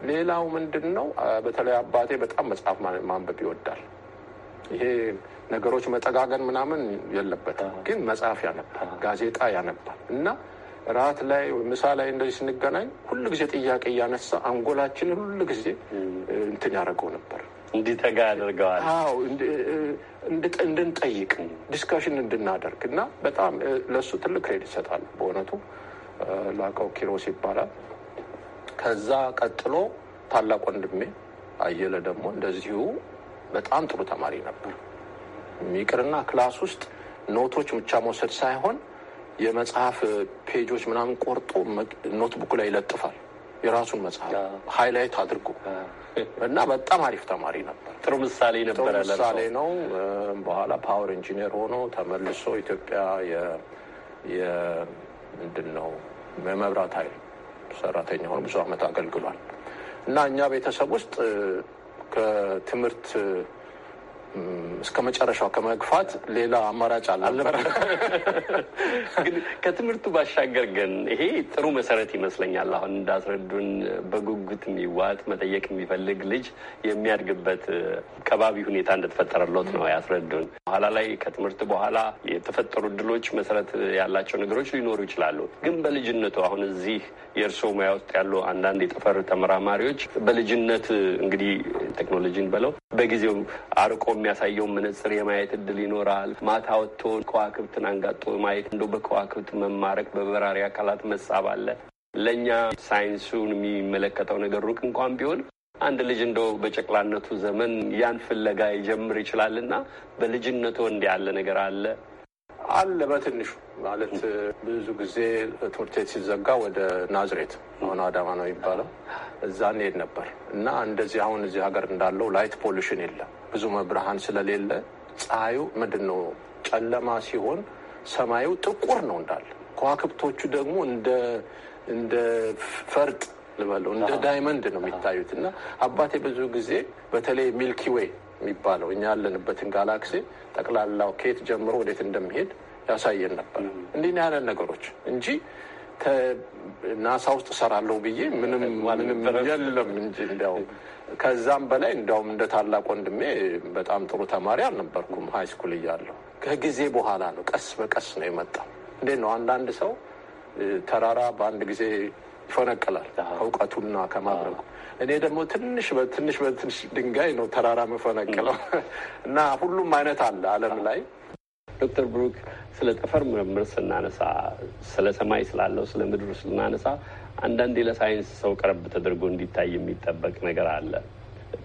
ሌላው ምንድን ነው፣ በተለይ አባቴ በጣም መጽሐፍ ማንበብ ይወዳል። ይሄ ነገሮች መጠጋገን ምናምን የለበትም፣ ግን መጽሐፍ ያነባል፣ ጋዜጣ ያነባል እና ራት ላይ ምሳ ላይ እንደዚህ ስንገናኝ ሁሉ ጊዜ ጥያቄ እያነሳ አንጎላችንን ሁሉ ጊዜ እንትን ያደረገው ነበር እንዲተጋ ያደርገዋል። አዎ እንድንጠይቅ ዲስካሽን እንድናደርግ እና በጣም ለእሱ ትልቅ ክሬዲት ይሰጣል። በእውነቱ ላቀው ኪሮስ ይባላል። ከዛ ቀጥሎ ታላቅ ወንድሜ አየለ ደግሞ እንደዚሁ በጣም ጥሩ ተማሪ ነበር። ሚቅርና ክላስ ውስጥ ኖቶች ብቻ መውሰድ ሳይሆን የመጽሐፍ ፔጆች ምናምን ቆርጦ ኖትቡክ ላይ ይለጥፋል። የራሱን መጽሐፍ ሃይላይት አድርጎ እና በጣም አሪፍ ተማሪ ነበር። ጥሩ ምሳሌ ነበረ፣ ምሳሌ ነው። በኋላ ፓወር ኢንጂነር ሆኖ ተመልሶ ኢትዮጵያ የምንድን ነው የመብራት ኃይል ሰራተኛ ሆኖ ብዙ አመት አገልግሏል እና እኛ ቤተሰብ ውስጥ ከትምህርት እስከ መጨረሻው ከመግፋት ሌላ አማራጭ አልነበረ። ግን ከትምህርቱ ባሻገር ግን ይሄ ጥሩ መሰረት ይመስለኛል። አሁን እንዳስረዱን በጉጉት የሚዋጥ መጠየቅ የሚፈልግ ልጅ የሚያድግበት ከባቢ ሁኔታ እንደተፈጠረለት ነው ያስረዱን። በኋላ ላይ ከትምህርት በኋላ የተፈጠሩ ድሎች መሰረት ያላቸው ነገሮች ሊኖሩ ይችላሉ። ግን በልጅነቱ አሁን እዚህ የእርስዎ ሙያ ውስጥ ያሉ አንዳንድ የጠፈር ተመራማሪዎች በልጅነት እንግዲህ ቴክኖሎጂን በለው በጊዜው አርቆ የሚያሳየውን መነጽር የማየት እድል ይኖራል። ማታ ወጥቶ ከዋክብትን አንጋጦ ማየት እንደ በከዋክብት መማረቅ በበራሪ አካላት መሳብ አለ። ለእኛ ሳይንሱን የሚመለከተው ነገር ሩቅ እንኳን ቢሆን አንድ ልጅ እንደው በጨቅላነቱ ዘመን ያን ፍለጋ ይጀምር ይችላልና በልጅነቱ እንዲህ ያለ ነገር አለ አለ በትንሹ ማለት ብዙ ጊዜ ትምህርት ቤት ሲዘጋ ወደ ናዝሬት ሆነ አዳማ ነው የሚባለው እዛ እንሄድ ነበር እና እንደዚህ አሁን እዚህ ሀገር እንዳለው ላይት ፖሉሽን የለም። ብዙ መብርሃን ስለሌለ ፀሐዩ ምንድን ነው ጨለማ ሲሆን ሰማዩ ጥቁር ነው እንዳለ ከዋክብቶቹ ደግሞ እንደ ፈርጥ ልበለው እንደ ዳይመንድ ነው የሚታዩት እና አባቴ ብዙ ጊዜ በተለይ ሚልኪ ዌይ የሚባለው እኛ ያለንበትን ጋላክሲ ጠቅላላው ከየት ጀምሮ ወዴት እንደሚሄድ ያሳየን ነበር። እንዲህ ያለን ነገሮች እንጂ ናሳ ውስጥ እሰራለሁ ብዬ ምንም የለም እንጂ እንዲያው ከዛም በላይ እንዲያውም እንደ ታላቅ ወንድሜ በጣም ጥሩ ተማሪ አልነበርኩም ሃይስኩል እያለሁ። ከጊዜ በኋላ ነው ቀስ በቀስ ነው የመጣው። እንዴት ነው አንዳንድ ሰው ተራራ በአንድ ጊዜ ይፈነቅላል እውቀቱና ከማድረጉ። እኔ ደግሞ ትንሽ በትንሽ በትንሽ ድንጋይ ነው ተራራ መፈነቅለው እና ሁሉም አይነት አለ አለም ላይ። ዶክተር ብሩክ ስለ ጠፈር ምርምር ስናነሳ፣ ስለ ሰማይ ስላለው ስለ ምድሩ ስናነሳ አንዳንዴ ለሳይንስ ሰው ቀረብ ተደርጎ እንዲታይ የሚጠበቅ ነገር አለ።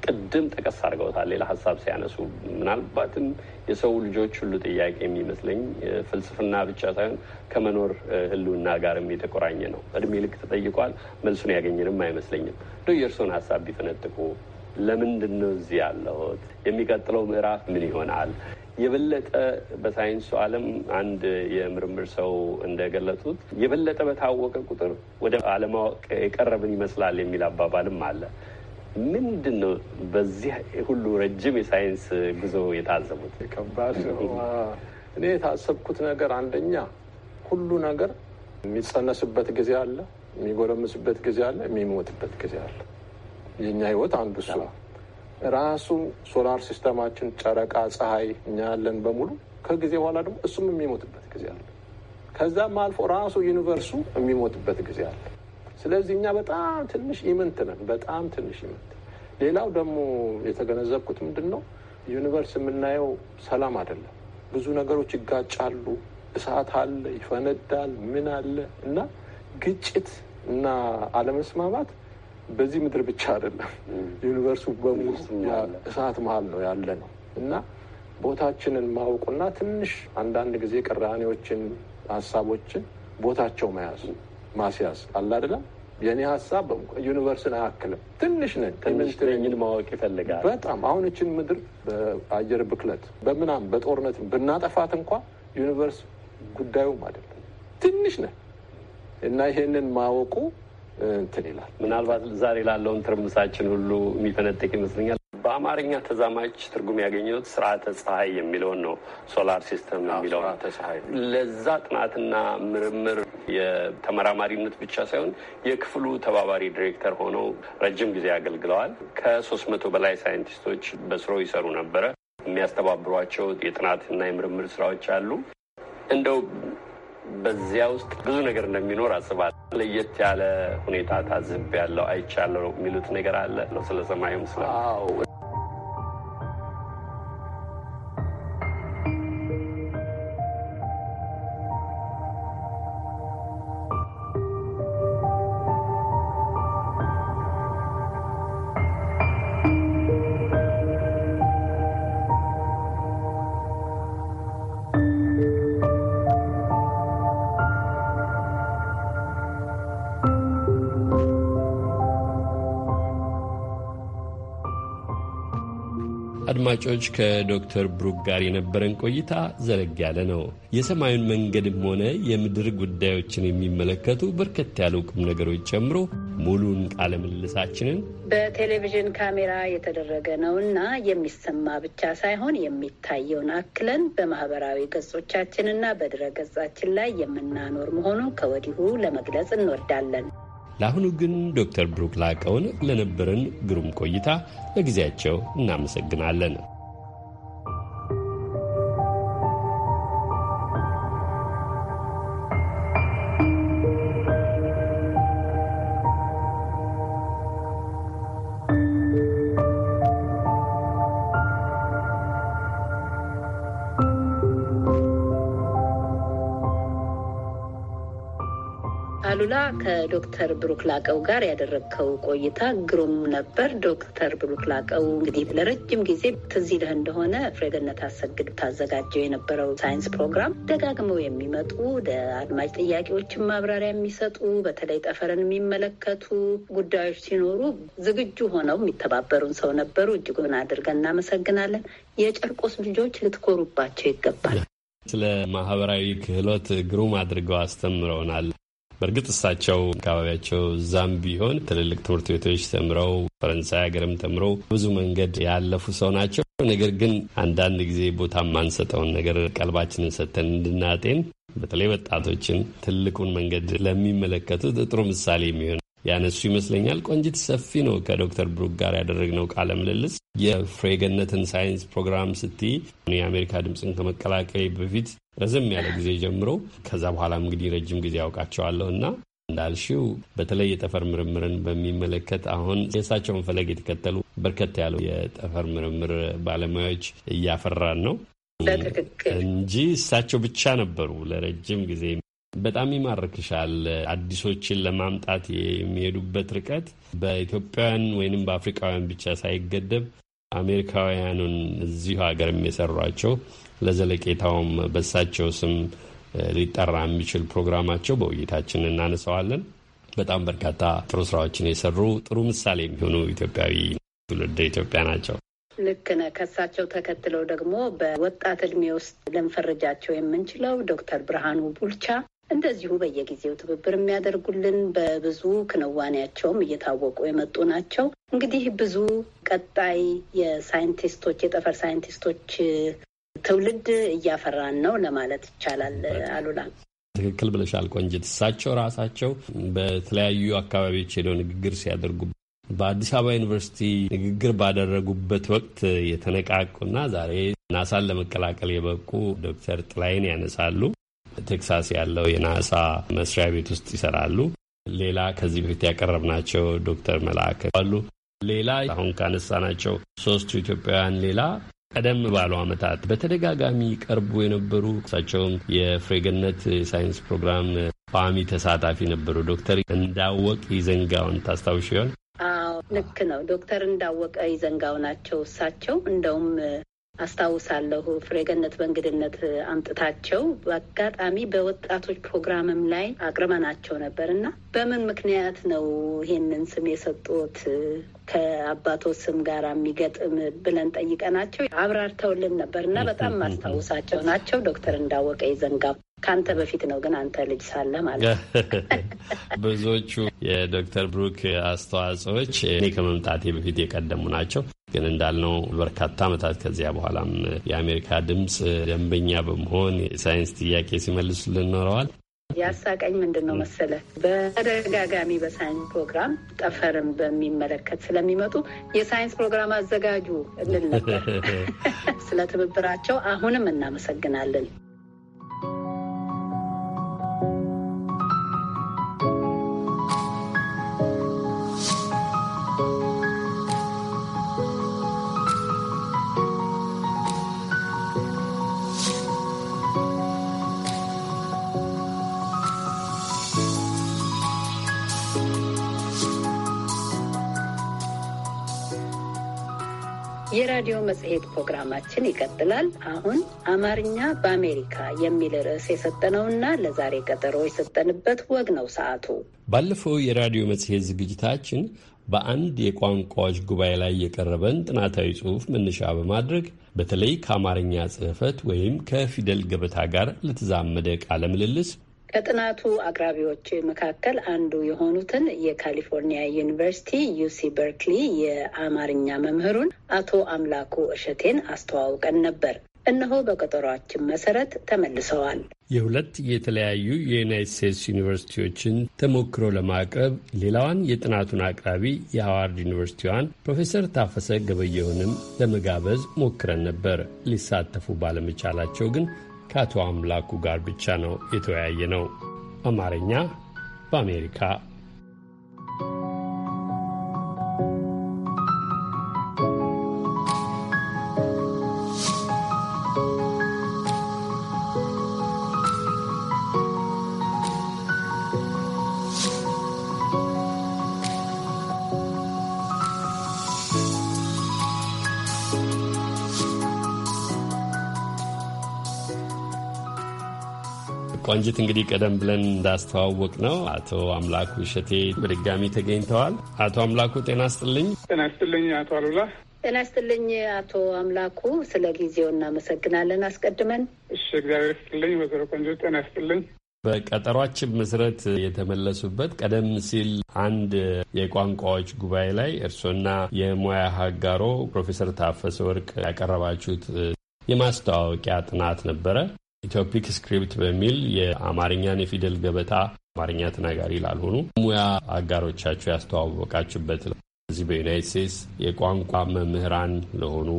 ቅድም ጠቀስ አድርገውታል። ሌላ ሀሳብ ሲያነሱ ምናልባትም የሰው ልጆች ሁሉ ጥያቄ የሚመስለኝ ፍልስፍና ብቻ ሳይሆን ከመኖር ሕልውና ጋርም የተቆራኘ ነው። እድሜ ልክ ተጠይቋል፣ መልሱን ያገኘንም አይመስለኝም። ዶ የእርስዎን ሀሳብ ቢፈነጥቁ። ለምንድን ነው እዚህ ያለሁት? የሚቀጥለው ምዕራፍ ምን ይሆናል? የበለጠ በሳይንሱ ዓለም አንድ የምርምር ሰው እንደገለጡት የበለጠ በታወቀ ቁጥር ወደ አለማወቅ የቀረብን ይመስላል የሚል አባባልም አለ። ምንድን ነው በዚህ ሁሉ ረጅም የሳይንስ ጉዞ የታዘቡት? ከባድ እኔ የታሰብኩት ነገር አንደኛ ሁሉ ነገር የሚጸነስበት ጊዜ አለ፣ የሚጎለምስበት ጊዜ አለ፣ የሚሞትበት ጊዜ አለ። የእኛ ህይወት አንዱ እሱ ነው። ራሱ ሶላር ሲስተማችን፣ ጨረቃ፣ ፀሐይ፣ እኛ ያለን በሙሉ ከጊዜ በኋላ ደግሞ እሱም የሚሞትበት ጊዜ አለ። ከዛም አልፎ ራሱ ዩኒቨርሱ የሚሞትበት ጊዜ አለ። ስለዚህ እኛ በጣም ትንሽ ኢምንት ነን፣ በጣም ትንሽ ኢምንት። ሌላው ደግሞ የተገነዘብኩት ምንድን ነው ዩኒቨርስ የምናየው ሰላም አይደለም። ብዙ ነገሮች ይጋጫሉ። እሳት አለ፣ ይፈነዳል፣ ምን አለ እና ግጭት እና አለመስማማት በዚህ ምድር ብቻ አይደለም፣ ዩኒቨርሱ በሙሉ እሳት መሀል ነው ያለ ነው እና ቦታችንን ማወቁና ትንሽ አንዳንድ ጊዜ ቅራኔዎችን፣ ሀሳቦችን ቦታቸው መያዝ ማስያዝ አለ አይደለም። የእኔ ሀሳብ ዩኒቨርስን አያክልም። ትንሽ ነን። ትንሽኝን ማወቅ ይፈልጋል በጣም አሁን እችን ምድር በአየር ብክለት በምናም በጦርነት ብናጠፋት እንኳ ዩኒቨርስ ጉዳዩም አይደለም። ትንሽ ነን እና ይሄንን ማወቁ እንትን ይላል። ምናልባት ዛሬ ላለውን ትርምሳችን ሁሉ የሚፈነጥቅ ይመስለኛል። በአማርኛ ተዛማች ትርጉም ያገኘሁት ስርዓተ ፀሐይ የሚለውን ነው። ሶላር ሲስተም የሚለው ለዛ ጥናትና ምርምር የተመራማሪነት ብቻ ሳይሆን የክፍሉ ተባባሪ ዲሬክተር ሆነው ረጅም ጊዜ አገልግለዋል። ከሶስት መቶ በላይ ሳይንቲስቶች በስሮ ይሰሩ ነበረ። የሚያስተባብሯቸው የጥናትና የምርምር ስራዎች አሉ። እንደው በዚያ ውስጥ ብዙ ነገር እንደሚኖር አስባል። ለየት ያለ ሁኔታ ታዝብ ያለው አይቻለው የሚሉት ነገር አለ ነው ስለ ሰማዩም ስለ አድማጮች ከዶክተር ብሩክ ጋር የነበረን ቆይታ ዘረግ ያለ ነው። የሰማዩን መንገድም ሆነ የምድር ጉዳዮችን የሚመለከቱ በርከት ያሉ ቁም ነገሮች ጨምሮ ሙሉን ቃለ ምልልሳችንን በቴሌቪዥን ካሜራ የተደረገ ነው እና የሚሰማ ብቻ ሳይሆን የሚታየውን አክለን በማህበራዊ ገጾቻችንና በድረ ገጻችን ላይ የምናኖር መሆኑን ከወዲሁ ለመግለጽ እንወዳለን። ለአሁኑ ግን ዶክተር ብሩክ ላቀውን ለነበረን ግሩም ቆይታ ለጊዜያቸው እናመሰግናለን። አሉላ ከዶክተር ብሩክ ላቀው ጋር ያደረግከው ቆይታ ግሩም ነበር። ዶክተር ብሩክ ላቀው እንግዲህ ለረጅም ጊዜ ትዝ ይልህ እንደሆነ ፍሬገነት አሰግድ ታዘጋጀው የነበረው ሳይንስ ፕሮግራም ደጋግመው የሚመጡ ለአድማጭ ጥያቄዎችን ማብራሪያ የሚሰጡ በተለይ ጠፈርን የሚመለከቱ ጉዳዮች ሲኖሩ ዝግጁ ሆነው የሚተባበሩን ሰው ነበሩ። እጅጉን አድርገን እናመሰግናለን። የጨርቆስ ልጆች ልትኮሩባቸው ይገባል። ስለ ማህበራዊ ክህሎት ግሩም አድርገው አስተምረውናል። በእርግጥ እሳቸው አካባቢያቸው እዛም ቢሆን ትልልቅ ትምህርት ቤቶች ተምረው ፈረንሳይ ሀገርም ተምረው ብዙ መንገድ ያለፉ ሰው ናቸው። ነገር ግን አንዳንድ ጊዜ ቦታ የማንሰጠውን ነገር ቀልባችንን ሰጥተን እንድናጤን በተለይ ወጣቶችን ትልቁን መንገድ ለሚመለከቱት ጥሩ ምሳሌ የሚሆን ያነሱ ይመስለኛል። ቆንጂት ሰፊ ነው። ከዶክተር ብሩክ ጋር ያደረግነው ቃለ ምልልስ የፍሬገነትን ሳይንስ ፕሮግራም ስትይ የአሜሪካ ድምፅን ከመቀላቀሌ በፊት ረዘም ያለ ጊዜ ጀምሮ ከዛ በኋላም እንግዲህ ረጅም ጊዜ ያውቃቸዋለሁ እና እንዳልሽው በተለይ የጠፈር ምርምርን በሚመለከት አሁን የእሳቸውን ፈለግ የተከተሉ በርከት ያሉ የጠፈር ምርምር ባለሙያዎች እያፈራን ነው እንጂ እሳቸው ብቻ ነበሩ ለረጅም ጊዜ በጣም ይማርክሻል። አዲሶችን ለማምጣት የሚሄዱበት ርቀት በኢትዮጵያውያን ወይንም በአፍሪካውያን ብቻ ሳይገደብ አሜሪካውያኑን እዚሁ ሀገርም የሰሯቸው ለዘለቄታውም በሳቸው ስም ሊጠራ የሚችል ፕሮግራማቸው በውይይታችን እናነሳዋለን። በጣም በርካታ ጥሩ ስራዎችን የሰሩ ጥሩ ምሳሌ የሚሆኑ ኢትዮጵያዊ ትውልደ ኢትዮጵያ ናቸው። ልክ ነህ። ከሳቸው ተከትለው ደግሞ በወጣት እድሜ ውስጥ ልንፈርጃቸው የምንችለው ዶክተር ብርሃኑ ቡልቻ እንደዚሁ በየጊዜው ትብብር የሚያደርጉልን በብዙ ክንዋኔያቸውም እየታወቁ የመጡ ናቸው። እንግዲህ ብዙ ቀጣይ የሳይንቲስቶች የጠፈር ሳይንቲስቶች ትውልድ እያፈራን ነው ለማለት ይቻላል። አሉላ ትክክል ብለሻል ቆንጅት። እሳቸው ራሳቸው በተለያዩ አካባቢዎች ሄደው ንግግር ሲያደርጉ በአዲስ አበባ ዩኒቨርሲቲ ንግግር ባደረጉበት ወቅት የተነቃቁና ዛሬ ናሳን ለመቀላቀል የበቁ ዶክተር ጥላይን ያነሳሉ። ቴክሳስ ያለው የናሳ መስሪያ ቤት ውስጥ ይሰራሉ። ሌላ ከዚህ በፊት ያቀረብናቸው ዶክተር መልአክ አሉ። ሌላ አሁን ካነሳናቸው ሶስቱ ኢትዮጵያውያን ሌላ ቀደም ባሉ ዓመታት በተደጋጋሚ ቀርቡ የነበሩ እሳቸውም የፍሬገነት የሳይንስ ፕሮግራም ቋሚ ተሳታፊ ነበሩ። ዶክተር እንዳወቅ ይዘንጋውን ታስታውሽ ይሆን? አዎ ልክ ነው። ዶክተር እንዳወቀ ይዘንጋው ናቸው። እሳቸው እንደውም አስታውሳለሁ። ፍሬገነት በእንግድነት አምጥታቸው በአጋጣሚ በወጣቶች ፕሮግራምም ላይ አቅርበናቸው ነበር እና በምን ምክንያት ነው ይህንን ስም የሰጡት ከአባቶ ስም ጋር የሚገጥም ብለን ጠይቀናቸው አብራርተውልን ነበር እና በጣም ማስታውሳቸው ናቸው። ዶክተር እንዳወቀ ይዘንጋ ከአንተ በፊት ነው ግን አንተ ልጅ ሳለ ማለት ብዙዎቹ የዶክተር ብሩክ አስተዋጽኦዎች እኔ ከመምጣቴ በፊት የቀደሙ ናቸው። ግን እንዳልነው በርካታ ዓመታት ከዚያ በኋላም የአሜሪካ ድምፅ ደንበኛ በመሆን የሳይንስ ጥያቄ ሲመልሱልን ኖረዋል። ያሳቀኝ ምንድን ነው መሰለ፣ በተደጋጋሚ በሳይንስ ፕሮግራም ጠፈርን በሚመለከት ስለሚመጡ የሳይንስ ፕሮግራም አዘጋጁ እልል ነበር። ስለ ትብብራቸው አሁንም እናመሰግናለን። የራዲዮ መጽሔት ፕሮግራማችን ይቀጥላል። አሁን አማርኛ በአሜሪካ የሚል ርዕስ የሰጠነውና ለዛሬ ቀጠሮ የሰጠንበት ወግ ነው ሰዓቱ። ባለፈው የራዲዮ መጽሔት ዝግጅታችን በአንድ የቋንቋዎች ጉባኤ ላይ የቀረበን ጥናታዊ ጽሑፍ መነሻ በማድረግ በተለይ ከአማርኛ ጽህፈት ወይም ከፊደል ገበታ ጋር ለተዛመደ ቃለ ምልልስ ከጥናቱ አቅራቢዎች መካከል አንዱ የሆኑትን የካሊፎርኒያ ዩኒቨርሲቲ ዩሲ በርክሊ የአማርኛ መምህሩን አቶ አምላኩ እሸቴን አስተዋውቀን ነበር። እነሆ በቀጠሯችን መሰረት ተመልሰዋል። የሁለት የተለያዩ የዩናይት ስቴትስ ዩኒቨርሲቲዎችን ተሞክሮ ለማቅረብ ሌላዋን የጥናቱን አቅራቢ የሃዋርድ ዩኒቨርሲቲዋን ፕሮፌሰር ታፈሰ ገበየሁንም ለመጋበዝ ሞክረን ነበር። ሊሳተፉ ባለመቻላቸው ግን ከአቶ አምላኩ ጋር ብቻ ነው የተወያየ ነው። አማርኛ በአሜሪካ ቆንጅት እንግዲህ ቀደም ብለን እንዳስተዋወቅ ነው አቶ አምላኩ እሸቴ በድጋሚ ተገኝተዋል። አቶ አምላኩ ጤና ስጥልኝ። ጤና ስጥልኝ አቶ አሉላ። ጤና ስጥልኝ አቶ አምላኩ፣ ስለ ጊዜው እናመሰግናለን አስቀድመን። እሺ እግዚአብሔር ስጥልኝ ወይዘሮ ቆንጆት ጤና ስጥልኝ። በቀጠሯችን መሰረት የተመለሱበት ቀደም ሲል አንድ የቋንቋዎች ጉባኤ ላይ እርሶና የሙያ ሀጋሮ ፕሮፌሰር ታፈሰ ወርቅ ያቀረባችሁት የማስተዋወቂያ ጥናት ነበረ። ኢትዮፒክ ስክሪፕት በሚል የአማርኛን የፊደል ገበታ አማርኛ ተናጋሪ ላልሆኑ ሙያ አጋሮቻቸው ያስተዋወቃችሁበት እዚህ በዩናይት ስቴትስ የቋንቋ መምህራን ለሆኑ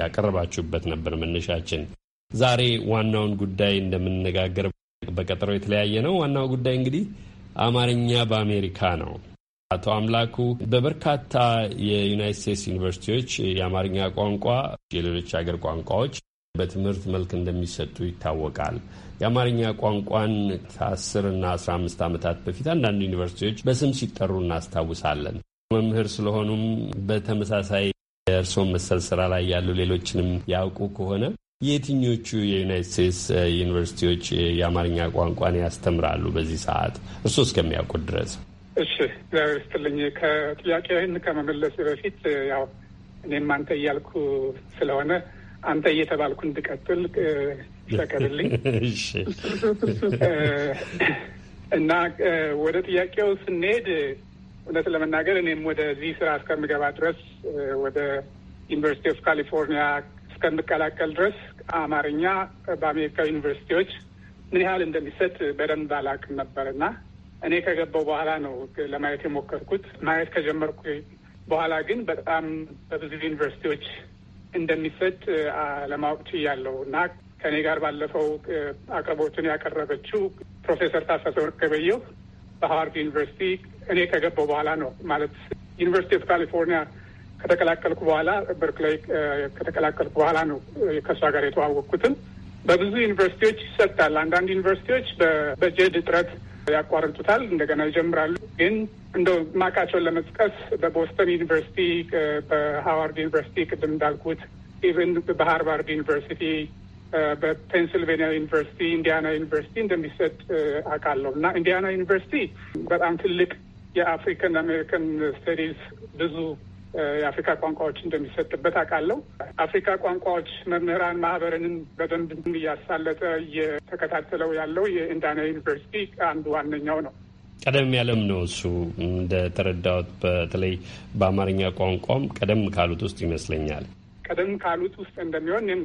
ያቀረባችሁበት ነበር መነሻችን። ዛሬ ዋናውን ጉዳይ እንደምንነጋገር በቀጠሮ የተለያየ ነው። ዋናው ጉዳይ እንግዲህ አማርኛ በአሜሪካ ነው። አቶ አምላኩ በበርካታ የዩናይት ስቴትስ ዩኒቨርሲቲዎች የአማርኛ ቋንቋ የሌሎች ሀገር ቋንቋዎች በትምህርት መልክ እንደሚሰጡ ይታወቃል። የአማርኛ ቋንቋን ከ10 እና 15 ዓመታት በፊት አንዳንድ ዩኒቨርሲቲዎች በስም ሲጠሩ እናስታውሳለን። መምህር ስለሆኑም በተመሳሳይ የእርስዎን መሰል ስራ ላይ ያሉ ሌሎችንም ያውቁ ከሆነ የትኞቹ የዩናይት ስቴትስ ዩኒቨርሲቲዎች የአማርኛ ቋንቋን ያስተምራሉ በዚህ ሰዓት እርስዎ እስከሚያውቁት ድረስ? እሺ እግዚአብሔር ይስጥልኝ። ከጥያቄህን ከመመለስ በፊት ያው እኔም አንተ እያልኩ ስለሆነ አንተ እየተባልኩ እንድቀጥል ይፈቀድልኝ እና ወደ ጥያቄው ስንሄድ እውነት ለመናገር እኔም ወደዚህ ስራ እስከምገባ ድረስ ወደ ዩኒቨርሲቲ ኦፍ ካሊፎርኒያ እስከምቀላቀል ድረስ አማርኛ በአሜሪካ ዩኒቨርሲቲዎች ምን ያህል እንደሚሰጥ በደንብ አላውቅም ነበር እና እኔ ከገባው በኋላ ነው ለማየት የሞከርኩት። ማየት ከጀመርኩ በኋላ ግን በጣም በብዙ ዩኒቨርሲቲዎች እንደሚሰጥ ለማወቅ ችያለሁ እና ከእኔ ጋር ባለፈው አቅርቦትን ያቀረበችው ፕሮፌሰር ታፈሰ ወርቅ በሃዋርድ ዩኒቨርሲቲ እኔ ከገባው በኋላ ነው ማለት ዩኒቨርሲቲ ኦፍ ካሊፎርኒያ ከተቀላቀልኩ በኋላ በርክላይ ከተቀላቀልኩ በኋላ ነው ከእሷ ጋር የተዋወቅኩትም። በብዙ ዩኒቨርሲቲዎች ይሰጣል። አንዳንድ ዩኒቨርሲቲዎች በበጀት እጥረት ያቋርጡታል፣ እንደገና ይጀምራሉ። ግን እንደ ማቃቸውን ለመጥቀስ በቦስተን ዩኒቨርሲቲ፣ በሃዋርድ ዩኒቨርሲቲ ቅድም እንዳልኩት ኢቨን በሃርቫርድ ዩኒቨርሲቲ፣ በፔንስልቬኒያ ዩኒቨርሲቲ፣ ኢንዲያና ዩኒቨርሲቲ እንደሚሰጥ አውቃለሁ እና ኢንዲያና ዩኒቨርሲቲ በጣም ትልቅ የአፍሪካን አሜሪካን ስተዲስ ብዙ የአፍሪካ ቋንቋዎች እንደሚሰጥበት አውቃለሁ። አፍሪካ ቋንቋዎች መምህራን ማህበርንም በደንብ እያሳለጠ እየተከታተለው ያለው የኢንዲያና ዩኒቨርሲቲ አንዱ ዋነኛው ነው። ቀደም ያለም ነው እሱ እንደተረዳሁት፣ በተለይ በአማርኛ ቋንቋም ቀደም ካሉት ውስጥ ይመስለኛል። ቀደም ካሉት ውስጥ እንደሚሆን እኔም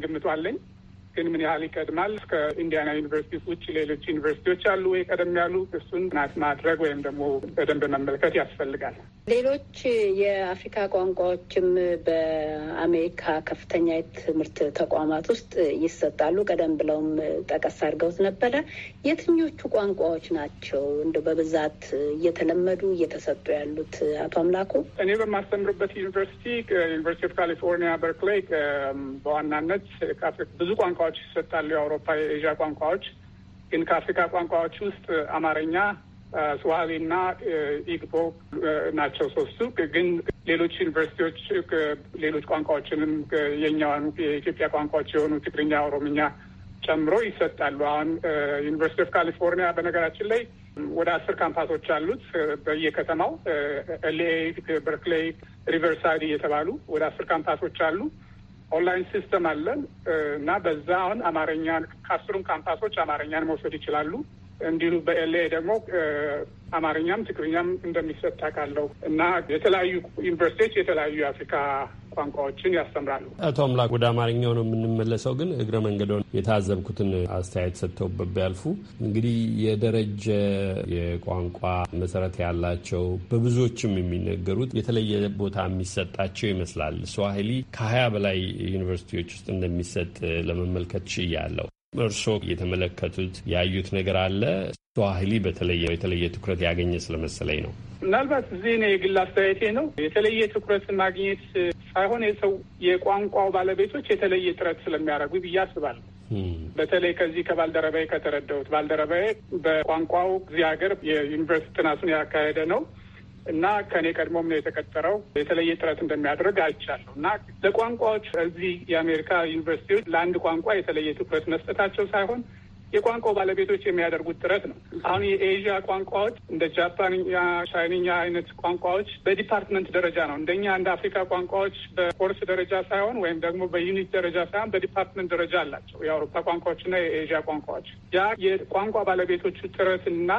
ግን ምን ያህል ይቀድማል? ከኢንዲያና ዩኒቨርሲቲ ውጭ ሌሎች ዩኒቨርሲቲዎች አሉ ወይ ቀደም ያሉ? እሱን ጥናት ማድረግ ወይም ደግሞ በደንብ መመልከት ያስፈልጋል። ሌሎች የአፍሪካ ቋንቋዎችም በአሜሪካ ከፍተኛ የትምህርት ተቋማት ውስጥ ይሰጣሉ። ቀደም ብለውም ጠቀስ አድርገውት ነበረ። የትኞቹ ቋንቋዎች ናቸው እንደ በብዛት እየተለመዱ እየተሰጡ ያሉት? አቶ አምላኩ፣ እኔ በማስተምርበት ዩኒቨርሲቲ ዩኒቨርሲቲ ኦፍ ካሊፎርኒያ በርክሌይ በዋናነት ብዙ ቋንቋ ቋንቋዎች ይሰጣሉ፣ የአውሮፓ የኤዥያ ቋንቋዎች። ግን ከአፍሪካ ቋንቋዎች ውስጥ አማርኛ፣ ስዋሂሊ እና ኢግቦ ናቸው ሶስቱ። ግን ሌሎች ዩኒቨርሲቲዎች ሌሎች ቋንቋዎችንም የኛዋኑ የኢትዮጵያ ቋንቋዎች የሆኑ ትግርኛ፣ ኦሮምኛ ጨምሮ ይሰጣሉ። አሁን ዩኒቨርሲቲ ኦፍ ካሊፎርኒያ በነገራችን ላይ ወደ አስር ካምፓሶች አሉት በየከተማው ኤልኤ፣ በርክሌይ፣ ሪቨርሳይድ እየተባሉ ወደ አስር ካምፓሶች አሉ። ኦንላይን ሲስተም አለን እና በዛ አሁን አማርኛን ከአስሩም ካምፓሶች አማርኛን መውሰድ ይችላሉ። እንዲሁ በኤልኤ ደግሞ አማርኛም ትግርኛም እንደሚሰጥ ታውቃለሁ እና የተለያዩ ዩኒቨርሲቲዎች የተለያዩ የአፍሪካ ቋንቋዎችን ያስተምራሉ። አቶ አምላክ ወደ አማርኛው ነው የምንመለሰው፣ ግን እግረ መንገዶን የታዘብኩትን አስተያየት ሰጥተውበት ቢያልፉ እንግዲህ የደረጀ የቋንቋ መሰረት ያላቸው በብዙዎችም የሚነገሩት የተለየ ቦታ የሚሰጣቸው ይመስላል። ስዋሂሊ ከሀያ በላይ ዩኒቨርሲቲዎች ውስጥ እንደሚሰጥ ለመመልከት ችያለሁ። እርስዎ የተመለከቱት ያዩት ነገር አለ? ስዋሂሊ በተለየ የተለየ ትኩረት ያገኘ ስለመሰለኝ ነው። ምናልባት እዚህ እኔ የግል አስተያየቴ ነው። የተለየ ትኩረት ማግኘት ሳይሆን የሰው የቋንቋው ባለቤቶች የተለየ ጥረት ስለሚያደርጉ ብዬ አስባለሁ። በተለይ ከዚህ ከባልደረባዬ ከተረዳሁት ባልደረባዬ በቋንቋው እዚህ ሀገር የዩኒቨርስቲ ጥናቱን ያካሄደ ነው እና ከኔ ቀድሞም ነው የተቀጠረው። የተለየ ጥረት እንደሚያደርግ አይቻለሁ እና ለቋንቋዎች እዚህ የአሜሪካ ዩኒቨርሲቲዎች ለአንድ ቋንቋ የተለየ ትኩረት መስጠታቸው ሳይሆን የቋንቋው ባለቤቶች የሚያደርጉት ጥረት ነው። አሁን የኤዥያ ቋንቋዎች እንደ ጃፓንኛ፣ ቻይንኛ አይነት ቋንቋዎች በዲፓርትመንት ደረጃ ነው። እንደኛ እንደ አፍሪካ ቋንቋዎች በኮርስ ደረጃ ሳይሆን ወይም ደግሞ በዩኒት ደረጃ ሳይሆን በዲፓርትመንት ደረጃ አላቸው የአውሮፓ ቋንቋዎችና የኤዥያ ቋንቋዎች። ያ የቋንቋ ባለቤቶቹ ጥረትና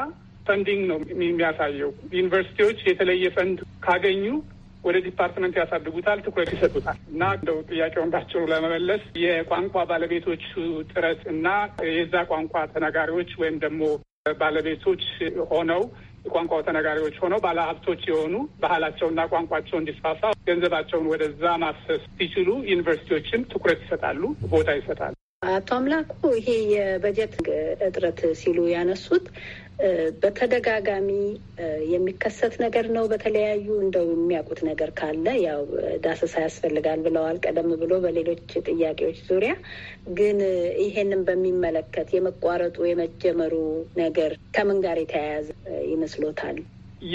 ፈንዲንግ ነው የሚያሳየው። ዩኒቨርሲቲዎች የተለየ ፈንድ ካገኙ ወደ ዲፓርትመንት ያሳድጉታል፣ ትኩረት ይሰጡታል እና እንደው ጥያቄውን ባጭሩ ለመመለስ የቋንቋ ባለቤቶች ጥረት እና የዛ ቋንቋ ተናጋሪዎች ወይም ደግሞ ባለቤቶች ሆነው የቋንቋው ተነጋሪዎች ሆነው ባለሀብቶች የሆኑ ባህላቸውና ቋንቋቸው እንዲስፋፋ ገንዘባቸውን ወደዛ ማፍሰስ ሲችሉ ዩኒቨርሲቲዎችም ትኩረት ይሰጣሉ፣ ቦታ ይሰጣሉ። አቶ አምላኩ ይሄ የበጀት እጥረት ሲሉ ያነሱት በተደጋጋሚ የሚከሰት ነገር ነው። በተለያዩ እንደው የሚያውቁት ነገር ካለ ያው ዳሰሳ ያስፈልጋል ብለዋል ቀደም ብሎ በሌሎች ጥያቄዎች ዙሪያ ግን ይሄንን በሚመለከት የመቋረጡ የመጀመሩ ነገር ከምን ጋር የተያያዘ ይመስሎታል?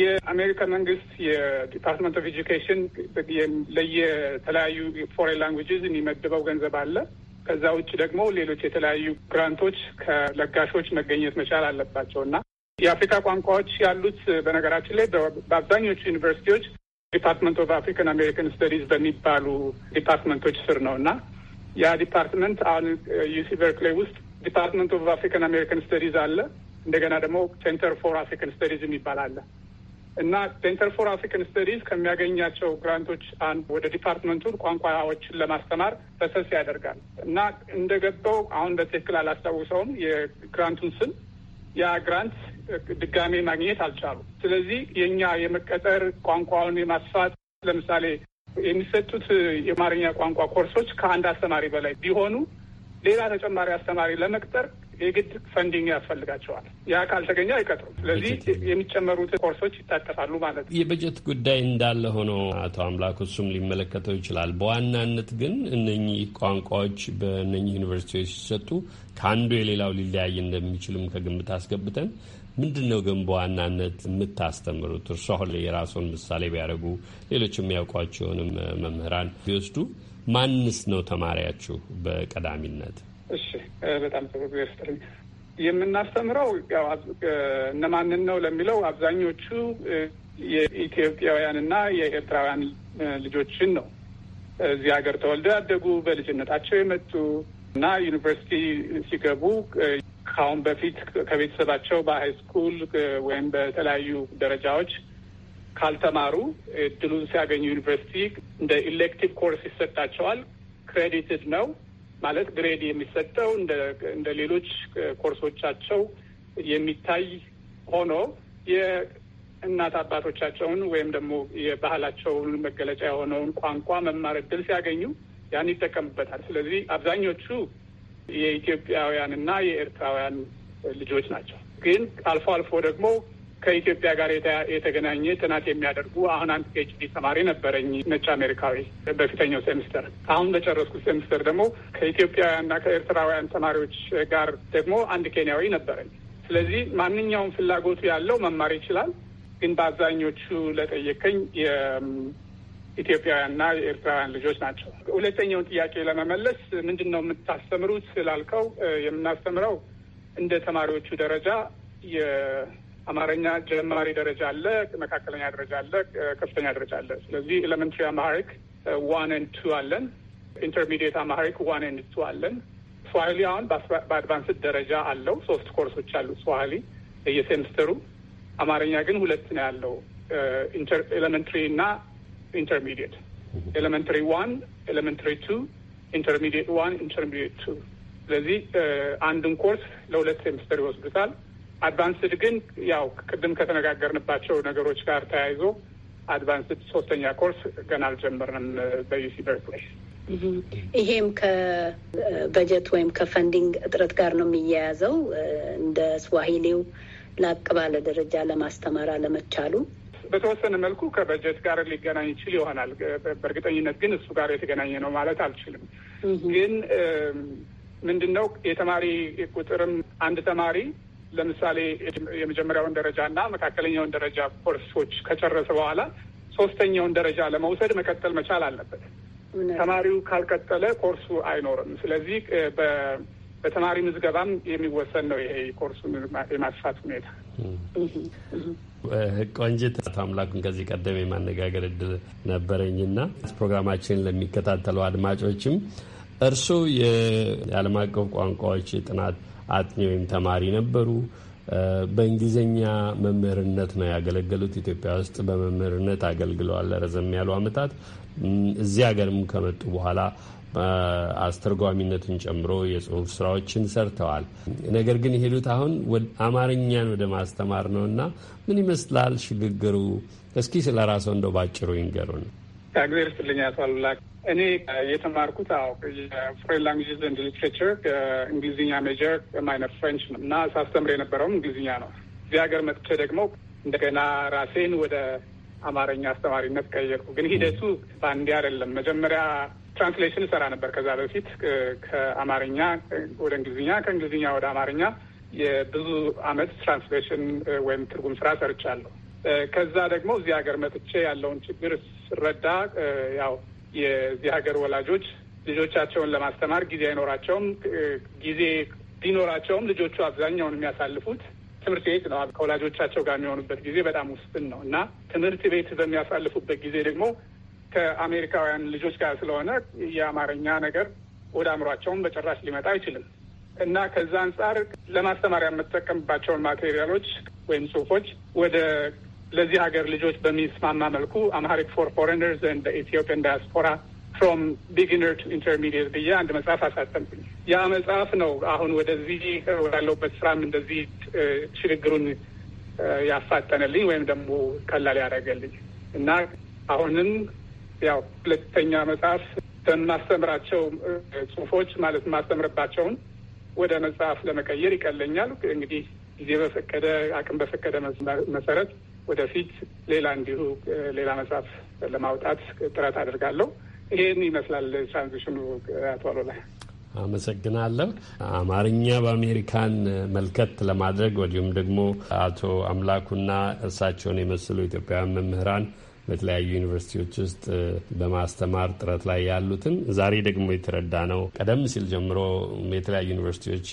የአሜሪካ መንግስት የዲፓርትመንት ኦፍ ኤጁኬሽን ለየተለያዩ ፎሬን ላንጉጅዝ የሚመድበው ገንዘብ አለ። ከዛ ውጭ ደግሞ ሌሎች የተለያዩ ግራንቶች ከለጋሾች መገኘት መቻል አለባቸው እና የአፍሪካ ቋንቋዎች ያሉት በነገራችን ላይ በአብዛኞቹ ዩኒቨርሲቲዎች ዲፓርትመንት ኦፍ አፍሪካን አሜሪካን ስተዲዝ በሚባሉ ዲፓርትመንቶች ስር ነው እና ያ ዲፓርትመንት አሁን ዩሲ በርክሌ ውስጥ ዲፓርትመንት ኦፍ አፍሪካን አሜሪካን ስተዲዝ አለ። እንደገና ደግሞ ሴንተር ፎር አፍሪካን ስተዲዝ የሚባል አለ እና ሴንተር ፎር አፍሪካን ስተዲዝ ከሚያገኛቸው ግራንቶች አንድ ወደ ዲፓርትመንቱ ቋንቋዎችን ለማስተማር ፈሰስ ያደርጋል እና እንደገባው አሁን በትክክል አላስታውሰውም የግራንቱን ስም ያ ግራንት ድጋሜ ማግኘት አልቻሉም። ስለዚህ የእኛ የመቀጠር ቋንቋውን የማስፋት ለምሳሌ የሚሰጡት የአማርኛ ቋንቋ ኮርሶች ከአንድ አስተማሪ በላይ ቢሆኑ ሌላ ተጨማሪ አስተማሪ ለመቅጠር የግድ ፈንዲንግ ያስፈልጋቸዋል። ያ ካልተገኘ አይቀጥሩም። ስለዚህ የሚጨመሩት ኮርሶች ይታቀፋሉ ማለት ነው። የበጀት ጉዳይ እንዳለ ሆኖ አቶ አምላክ እሱም ሊመለከተው ይችላል። በዋናነት ግን እነኚህ ቋንቋዎች በእነኚህ ዩኒቨርሲቲዎች ሲሰጡ ከአንዱ የሌላው ሊለያይ እንደሚችልም ከግምት አስገብተን ምንድን ነው ግን በዋናነት የምታስተምሩት? እርሱ አሁን የራሱን ምሳሌ ቢያደርጉ ሌሎች የሚያውቋቸውንም መምህራን ቢወስዱ ማንስ ነው ተማሪያችሁ በቀዳሚነት? እሺ፣ በጣም ጥሩ ይስጥልኝ። የምናስተምረው እነማንን ነው ለሚለው አብዛኞቹ የኢትዮጵያውያንና የኤርትራውያን ልጆችን ነው። እዚህ ሀገር ተወልደው ያደጉ በልጅነታቸው የመጡ እና ዩኒቨርሲቲ ሲገቡ ከአሁን በፊት ከቤተሰባቸው በሃይስኩል ወይም በተለያዩ ደረጃዎች ካልተማሩ እድሉን ሲያገኙ ዩኒቨርሲቲ እንደ ኢሌክቲቭ ኮርስ ይሰጣቸዋል። ክሬዲትድ ነው ማለት ግሬድ የሚሰጠው እንደ ሌሎች ኮርሶቻቸው የሚታይ ሆኖ የእናት አባቶቻቸውን ወይም ደግሞ የባህላቸውን መገለጫ የሆነውን ቋንቋ መማር እድል ሲያገኙ ያን ይጠቀምበታል። ስለዚህ አብዛኞቹ የኢትዮጵያውያን እና የኤርትራውያን ልጆች ናቸው። ግን አልፎ አልፎ ደግሞ ከኢትዮጵያ ጋር የተገናኘ ጥናት የሚያደርጉ አሁን አንድ ፒኤችዲ ተማሪ ነበረኝ፣ ነጭ አሜሪካዊ በፊተኛው ሴምስተር። አሁን በጨረስኩ ሴምስተር ደግሞ ከኢትዮጵያውያንና ከኤርትራውያን ተማሪዎች ጋር ደግሞ አንድ ኬንያዊ ነበረኝ። ስለዚህ ማንኛውም ፍላጎቱ ያለው መማር ይችላል። ግን በአብዛኞቹ ለጠየቀኝ ኢትዮጵያውያንና የኤርትራውያን ልጆች ናቸው። ሁለተኛውን ጥያቄ ለመመለስ ምንድን ነው የምታስተምሩት ስላልከው የምናስተምረው እንደ ተማሪዎቹ ደረጃ የአማርኛ ጀማሪ ደረጃ አለ፣ መካከለኛ ደረጃ አለ፣ ከፍተኛ ደረጃ አለ። ስለዚህ ኤሌመንትሪ አማሪክ ዋን ኤንድ ቱ አለን። ኢንተርሚዲየት አማሪክ ዋን ኤንድ ቱ አለን። ስዋሂሊ አሁን በአድቫንስድ ደረጃ አለው። ሶስት ኮርሶች አሉ ስዋሂሊ የሴምስተሩ። አማርኛ ግን ሁለት ነው ያለው ኢንተር ኤሌመንትሪ እና ኢንተርሚዲየት ኤሌመንተሪ ዋን ኤሌመንተሪ ቱ ኢንተርሚዲየት ዋን ኢንተርሚዲየት ቱ። ስለዚህ አንድን ኮርስ ለሁለት ሴምስተር ይወስዱታል። አድቫንስድ ግን ያው ቅድም ከተነጋገርንባቸው ነገሮች ጋር ተያይዞ አድቫንስድ ሶስተኛ ኮርስ ገና አልጀመርንም በዩሲ በርክሌይ። mm-hmm. ይሄም ከበጀት ወይም ከፈንዲንግ እጥረት ጋር ነው የሚያያዘው እንደ ስዋሂሌው ላቅ ባለ ደረጃ ለማስተማር አለመቻሉ በተወሰነ መልኩ ከበጀት ጋር ሊገናኝ ይችል ይሆናል። በእርግጠኝነት ግን እሱ ጋር የተገናኘ ነው ማለት አልችልም። ግን ምንድን ነው የተማሪ ቁጥርም አንድ ተማሪ ለምሳሌ የመጀመሪያውን ደረጃ እና መካከለኛውን ደረጃ ኮርሶች ከጨረሰ በኋላ ሶስተኛውን ደረጃ ለመውሰድ መቀጠል መቻል አለበት። ተማሪው ካልቀጠለ ኮርሱ አይኖርም። ስለዚህ በተማሪ ምዝገባም የሚወሰን ነው ይሄ ኮርሱን የማስፋት ሁኔታ። ቆንጅት አምላኩን ከዚህ ቀደም የማነጋገር እድል ነበረኝና ፕሮግራማችንን ለሚከታተሉ አድማጮችም እርሱ የዓለም አቀፍ ቋንቋዎች ጥናት አጥኚ ወይም ተማሪ ነበሩ። በእንግሊዝኛ መምህርነት ነው ያገለገሉት። ኢትዮጵያ ውስጥ በመምህርነት አገልግለዋል ለረዘም ያሉ ዓመታት። እዚህ ሀገርም ከመጡ በኋላ አስተርጓሚነትን ጨምሮ የጽሁፍ ስራዎችን ሰርተዋል። ነገር ግን የሄዱት አሁን አማርኛን ወደ ማስተማር ነው እና ምን ይመስላል ሽግግሩ? እስኪ ስለ ራስዎ እንደው ባጭሩ ይንገሩን። እግዚአብሔር ይስጥልኝ አቶ አሉላ። እኔ የተማርኩት አዎ የፎሬን ላንጉጅ ኤንድ ሊትሬቸር እንግሊዝኛ ሜጀር ማይነር ፍሬንች ነው እና ሳስተምር የነበረውም እንግሊዝኛ ነው። እዚህ ሀገር መጥቼ ደግሞ እንደገና ራሴን ወደ አማርኛ አስተማሪነት ቀየርኩ። ግን ሂደቱ በአንዴ አይደለም። መጀመሪያ ትራንስሌሽን እሰራ ነበር ከዛ በፊት ከአማርኛ ወደ እንግሊዝኛ፣ ከእንግሊዝኛ ወደ አማርኛ የብዙ አመት ትራንስሌሽን ወይም ትርጉም ስራ ሰርቻለሁ። ከዛ ደግሞ እዚህ ሀገር መጥቼ ያለውን ችግር ስረዳ ያው የዚህ ሀገር ወላጆች ልጆቻቸውን ለማስተማር ጊዜ አይኖራቸውም። ጊዜ ቢኖራቸውም ልጆቹ አብዛኛውን የሚያሳልፉት ትምህርት ቤት ነው። ከወላጆቻቸው ጋር የሚሆኑበት ጊዜ በጣም ውስን ነው እና ትምህርት ቤት በሚያሳልፉበት ጊዜ ደግሞ ከአሜሪካውያን ልጆች ጋር ስለሆነ የአማርኛ ነገር ወደ አእምሯቸውን በጭራሽ ሊመጣ አይችልም እና ከዛ አንጻር ለማስተማሪያ የምትጠቀምባቸውን ማቴሪያሎች ወይም ጽሁፎች ወደ ለዚህ ሀገር ልጆች በሚስማማ መልኩ አምሃሪክ ፎር ፎሬነርስ እንደ ኢትዮጵያን ዳያስፖራ ፍሮም ቢግነር ቱ ኢንተርሚዲየት ብዬ አንድ መጽሐፍ አሳተምኩኝ። ያ መጽሐፍ ነው አሁን ወደዚህ ወዳለውበት ስራም እንደዚህ ሽግግሩን ያፋጠነልኝ ወይም ደግሞ ቀላል ያደረገልኝ እና አሁንም ያው ሁለተኛ መጽሐፍ በማስተምራቸው ጽሁፎች ማለት ማስተምርባቸውን ወደ መጽሐፍ ለመቀየር ይቀለኛል። እንግዲህ ጊዜ በፈቀደ አቅም በፈቀደ መሰረት ወደፊት ሌላ እንዲሁ ሌላ መጽሐፍ ለማውጣት ጥረት አድርጋለሁ። ይሄን ይመስላል ትራንዚሽኑ። አቶ አሉላ አመሰግናለሁ። አማርኛ በአሜሪካን መልከት ለማድረግ ወዲሁም ደግሞ አቶ አምላኩና እርሳቸውን የመሰሉ ኢትዮጵያውያን መምህራን በተለያዩ ዩኒቨርሲቲዎች ውስጥ በማስተማር ጥረት ላይ ያሉትን ዛሬ ደግሞ የተረዳ ነው። ቀደም ሲል ጀምሮ የተለያዩ ዩኒቨርሲቲዎች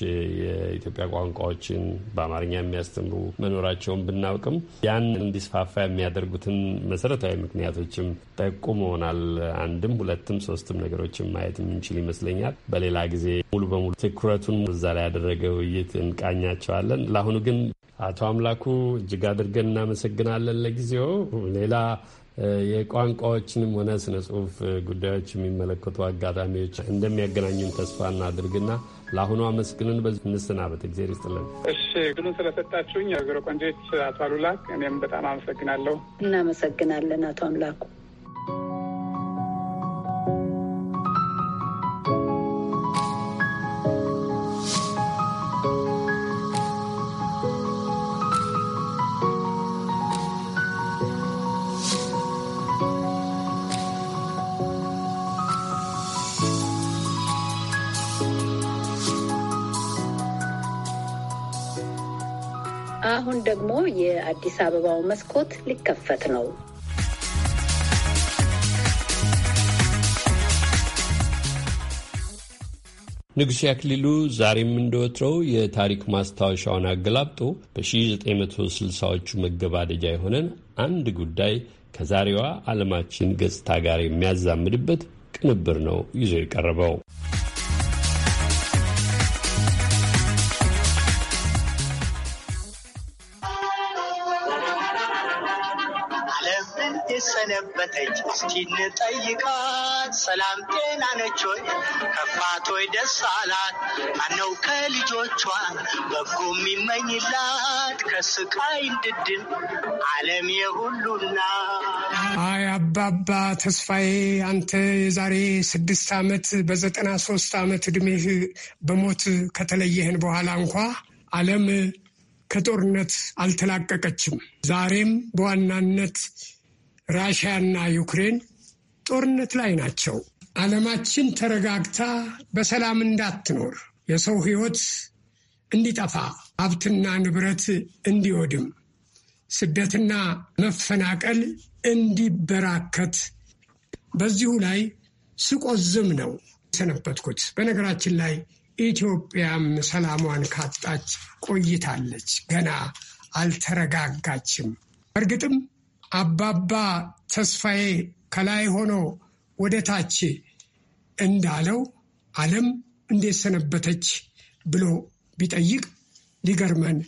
የኢትዮጵያ ቋንቋዎችን በአማርኛ የሚያስተምሩ መኖራቸውን ብናውቅም ያን እንዲስፋፋ የሚያደርጉትን መሰረታዊ ምክንያቶችም ጠቁመውናል። አንድም ሁለትም ሶስትም ነገሮችን ማየት የምንችል ይመስለኛል። በሌላ ጊዜ ሙሉ በሙሉ ትኩረቱን እዛ ላይ ያደረገ ውይይት እንቃኛቸዋለን። ለአሁኑ ግን አቶ አምላኩ እጅግ አድርገን እናመሰግናለን። ለጊዜው ሌላ የቋንቋዎችንም ሆነ ስነ ጽሁፍ ጉዳዮች የሚመለከቱ አጋጣሚዎች እንደሚያገናኙን ተስፋ እናድርግና ለአሁኑ አመስግንን በዚህ እንሰናበት። እግዜር ይስጥልን። እሺ ግኑ ስለሰጣችሁኝ እግረ ቆንጆች አቶ አሉላ እኔም በጣም አመሰግናለሁ። እናመሰግናለን አቶ አምላኩ። አሁን ደግሞ የአዲስ አበባው መስኮት ሊከፈት ነው። ንጉሥ ያክሊሉ ዛሬም እንደወትረው የታሪክ ማስታወሻውን አገላብጦ በ1960ዎቹ መገባደጃ የሆነን አንድ ጉዳይ ከዛሬዋ ዓለማችን ገጽታ ጋር የሚያዛምድበት ቅንብር ነው ይዞ የቀረበው። ስንጠይቃት ሰላም ጤና ነች ወይ ከፋት ወይ ደስ አላት አነው ከልጆቿ በጎ የሚመኝላት ከስቃይ እንድድን አለም የሁሉና አይ አባባ ተስፋዬ አንተ የዛሬ ስድስት ዓመት በዘጠና ሶስት ዓመት ዕድሜህ በሞት ከተለየህን በኋላ እንኳ ዓለም ከጦርነት አልተላቀቀችም። ዛሬም በዋናነት ራሽያና ዩክሬን ጦርነት ላይ ናቸው። ዓለማችን ተረጋግታ በሰላም እንዳትኖር፣ የሰው ሕይወት እንዲጠፋ፣ ሀብትና ንብረት እንዲወድም፣ ስደትና መፈናቀል እንዲበራከት በዚሁ ላይ ስቆዝም ነው የሰነበትኩት በነገራችን ላይ ኢትዮጵያም ሰላሟን ካጣች ቆይታለች። ገና አልተረጋጋችም። እርግጥም አባባ ተስፋዬ ከላይ ሆኖ ወደ ታች እንዳለው ዓለም እንዴት ሰነበተች ብሎ ቢጠይቅ ሊገርመን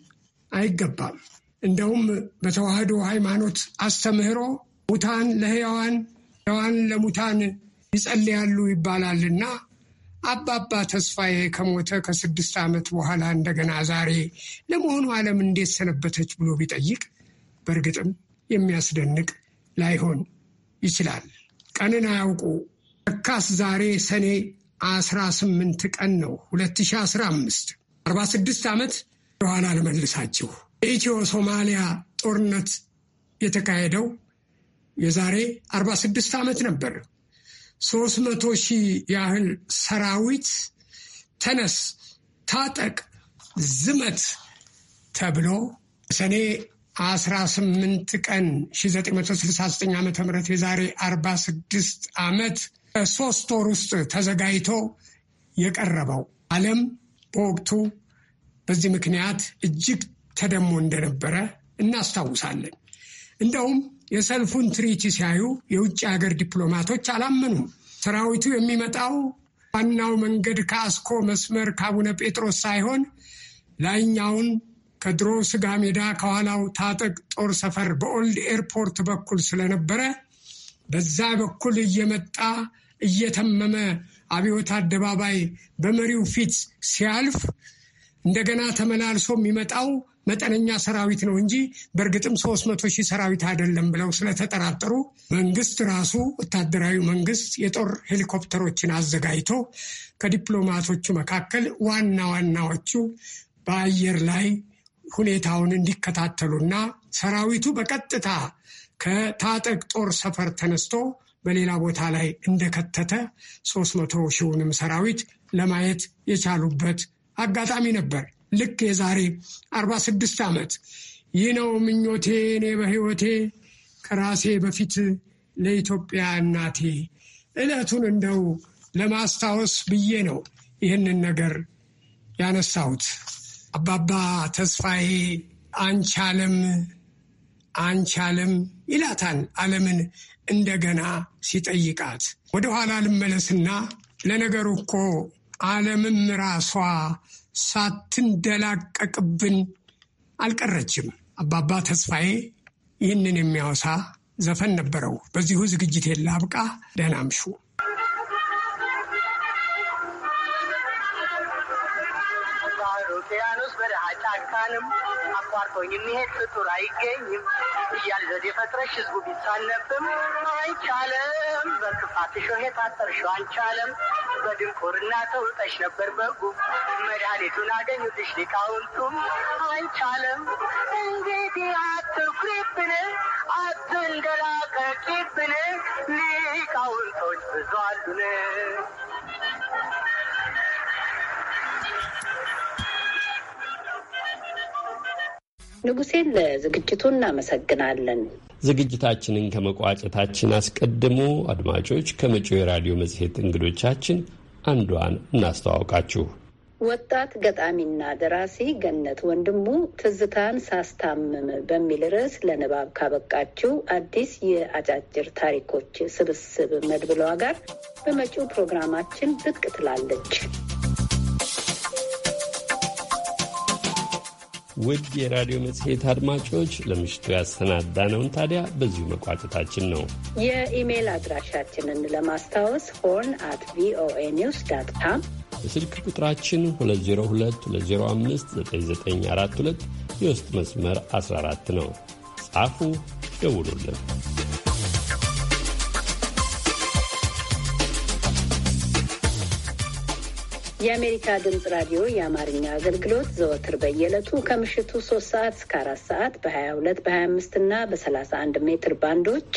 አይገባም። እንደውም በተዋህዶ ሃይማኖት አስተምህሮ ሙታን ለሕያዋን ሕያዋን ለሙታን ይጸልያሉ ይባላልና አባባ ተስፋዬ ከሞተ ከስድስት ዓመት በኋላ እንደገና ዛሬ ለመሆኑ ዓለም እንዴት ሰነበተች ብሎ ቢጠይቅ በእርግጥም የሚያስደንቅ ላይሆን ይችላል። ቀንን አያውቁ ለካስ ዛሬ ሰኔ 18 ቀን ነው 2015 46 ዓመት በኋላ ልመልሳችሁ። የኢትዮ ሶማሊያ ጦርነት የተካሄደው የዛሬ 46 ዓመት ነበር። 300 ሺህ ያህል ሰራዊት ተነስ፣ ታጠቅ፣ ዝመት ተብሎ ሰኔ 18 ቀን 1969 ዓ ም የዛሬ 46 ዓመት ሶስት ወር ውስጥ ተዘጋጅቶ የቀረበው ዓለም በወቅቱ በዚህ ምክንያት እጅግ ተደሞ እንደነበረ እናስታውሳለን። እንደውም የሰልፉን ትርኢት ሲያዩ የውጭ ሀገር ዲፕሎማቶች አላመኑም። ሰራዊቱ የሚመጣው ዋናው መንገድ ከአስኮ መስመር ከአቡነ ጴጥሮስ ሳይሆን ላይኛውን ከድሮ ስጋ ሜዳ ከኋላው ታጠቅ ጦር ሰፈር በኦልድ ኤርፖርት በኩል ስለነበረ በዛ በኩል እየመጣ እየተመመ አብዮት አደባባይ በመሪው ፊት ሲያልፍ እንደገና ተመላልሶ የሚመጣው መጠነኛ ሰራዊት ነው እንጂ በእርግጥም ሶስት መቶ ሺህ ሰራዊት አይደለም ብለው ስለተጠራጠሩ መንግስት ራሱ ወታደራዊ መንግስት የጦር ሄሊኮፕተሮችን አዘጋጅቶ ከዲፕሎማቶቹ መካከል ዋና ዋናዎቹ በአየር ላይ ሁኔታውን እንዲከታተሉና ሰራዊቱ በቀጥታ ከታጠቅ ጦር ሰፈር ተነስቶ በሌላ ቦታ ላይ እንደከተተ ሶስት መቶ ሺውንም ሰራዊት ለማየት የቻሉበት አጋጣሚ ነበር። ልክ የዛሬ አርባ ስድስት ዓመት ይህ ነው ምኞቴ እኔ በህይወቴ ከራሴ በፊት ለኢትዮጵያ እናቴ እለቱን እንደው ለማስታወስ ብዬ ነው ይህንን ነገር ያነሳሁት። አባባ ተስፋዬ አንቻለም አንቻለም ይላታል አለምን እንደገና ሲጠይቃት። ወደኋላ ልመለስና ለነገሩ እኮ አለምም ራሷ ሳትንደላቀቅብን አልቀረችም። አባባ ተስፋዬ ይህንን የሚያወሳ ዘፈን ነበረው። በዚሁ ዝግጅት የላ ደህና ደናምሹ። አልፎኝ የሚሄድ ፍጡር አይገኝም እያል ዘዴ ፈጥረሽ ህዝቡ ቢሳነብም አይቻለም በክፋት ሾሄ ታጠርሾ አንቻለም በድንቁርና ተውጠሽ ነበር በጉ መድኃኒቱን አገኙልሽ ሊቃውንቱም አይቻለም እንግዲህ አትኩሪብን አትንደላቀቂብን ሊቃውንቶች ብዙ አሉን ንጉሴን ለዝግጅቱ እናመሰግናለን። ዝግጅታችንን ከመቋጨታችን አስቀድሞ አድማጮች ከመጪው የራዲዮ መጽሔት እንግዶቻችን አንዷን እናስተዋውቃችሁ። ወጣት ገጣሚና ደራሲ ገነት ወንድሙ ትዝታን ሳስታምም በሚል ርዕስ ለንባብ ካበቃችው አዲስ የአጫጭር ታሪኮች ስብስብ መድብለዋ ጋር በመጪው ፕሮግራማችን ብቅ ትላለች። ውድ የራዲዮ መጽሔት አድማጮች ለምሽቱ ያሰናዳነውን ታዲያ በዚሁ መቋጨታችን ነው። የኢሜይል አድራሻችንን ለማስታወስ ሆርን አት ቪኦኤ ኒውስ ዳት ካም፣ የስልክ ቁጥራችን 2022059942 የውስጥ መስመር 14 ነው። ጻፉ፣ ደውሉልን። የአሜሪካ ድምፅ ራዲዮ የአማርኛ አገልግሎት ዘወትር በየዕለቱ ከምሽቱ ሶስት ሰዓት እስከ አራት ሰዓት በሀያ ሁለት በሀያ አምስት እና በሰላሳ አንድ ሜትር ባንዶች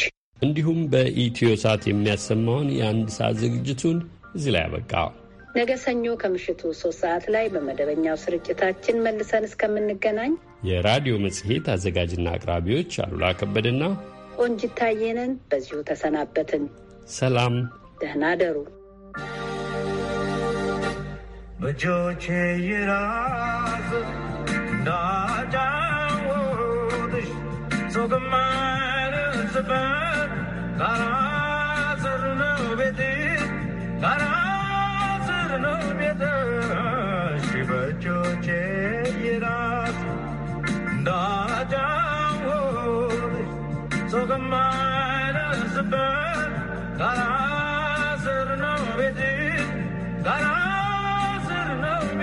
እንዲሁም በኢትዮ ሳት የሚያሰማውን የአንድ ሰዓት ዝግጅቱን እዚህ ላይ አበቃ። ነገ ሰኞ ከምሽቱ ሶስት ሰዓት ላይ በመደበኛው ስርጭታችን መልሰን እስከምንገናኝ የራዲዮ መጽሔት አዘጋጅና አቅራቢዎች አሉላ ከበድና ቆንጅታየንን በዚሁ ተሰናበትን። ሰላም፣ ደህና ደሩ። በእጆቼ ይራስ እንዳጫወትሽ ሰው ከማይደርስበት ጋራ ስር ነው ቤትሽ፣ ጋራ ስር ነው ቤትሽ። በእጆቼ ይራስ እንዳጫወትሽ ሰው ከማይደርስበት ጋራ ስር ነው ቤትሽ፣ ጋራ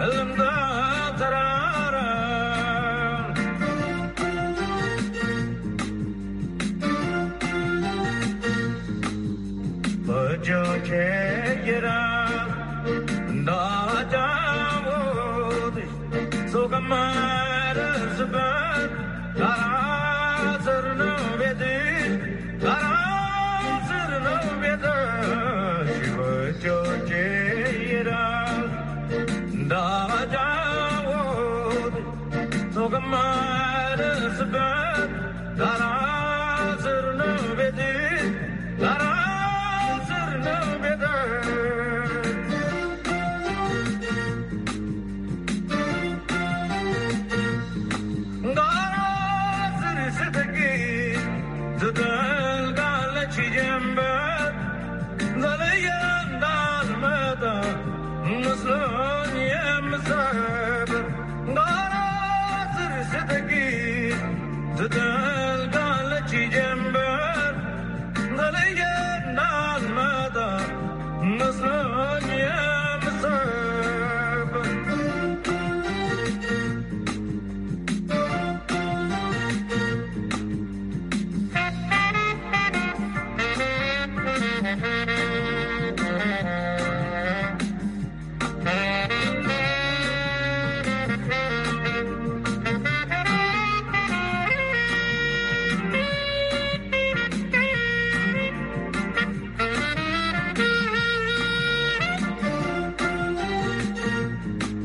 Elimden my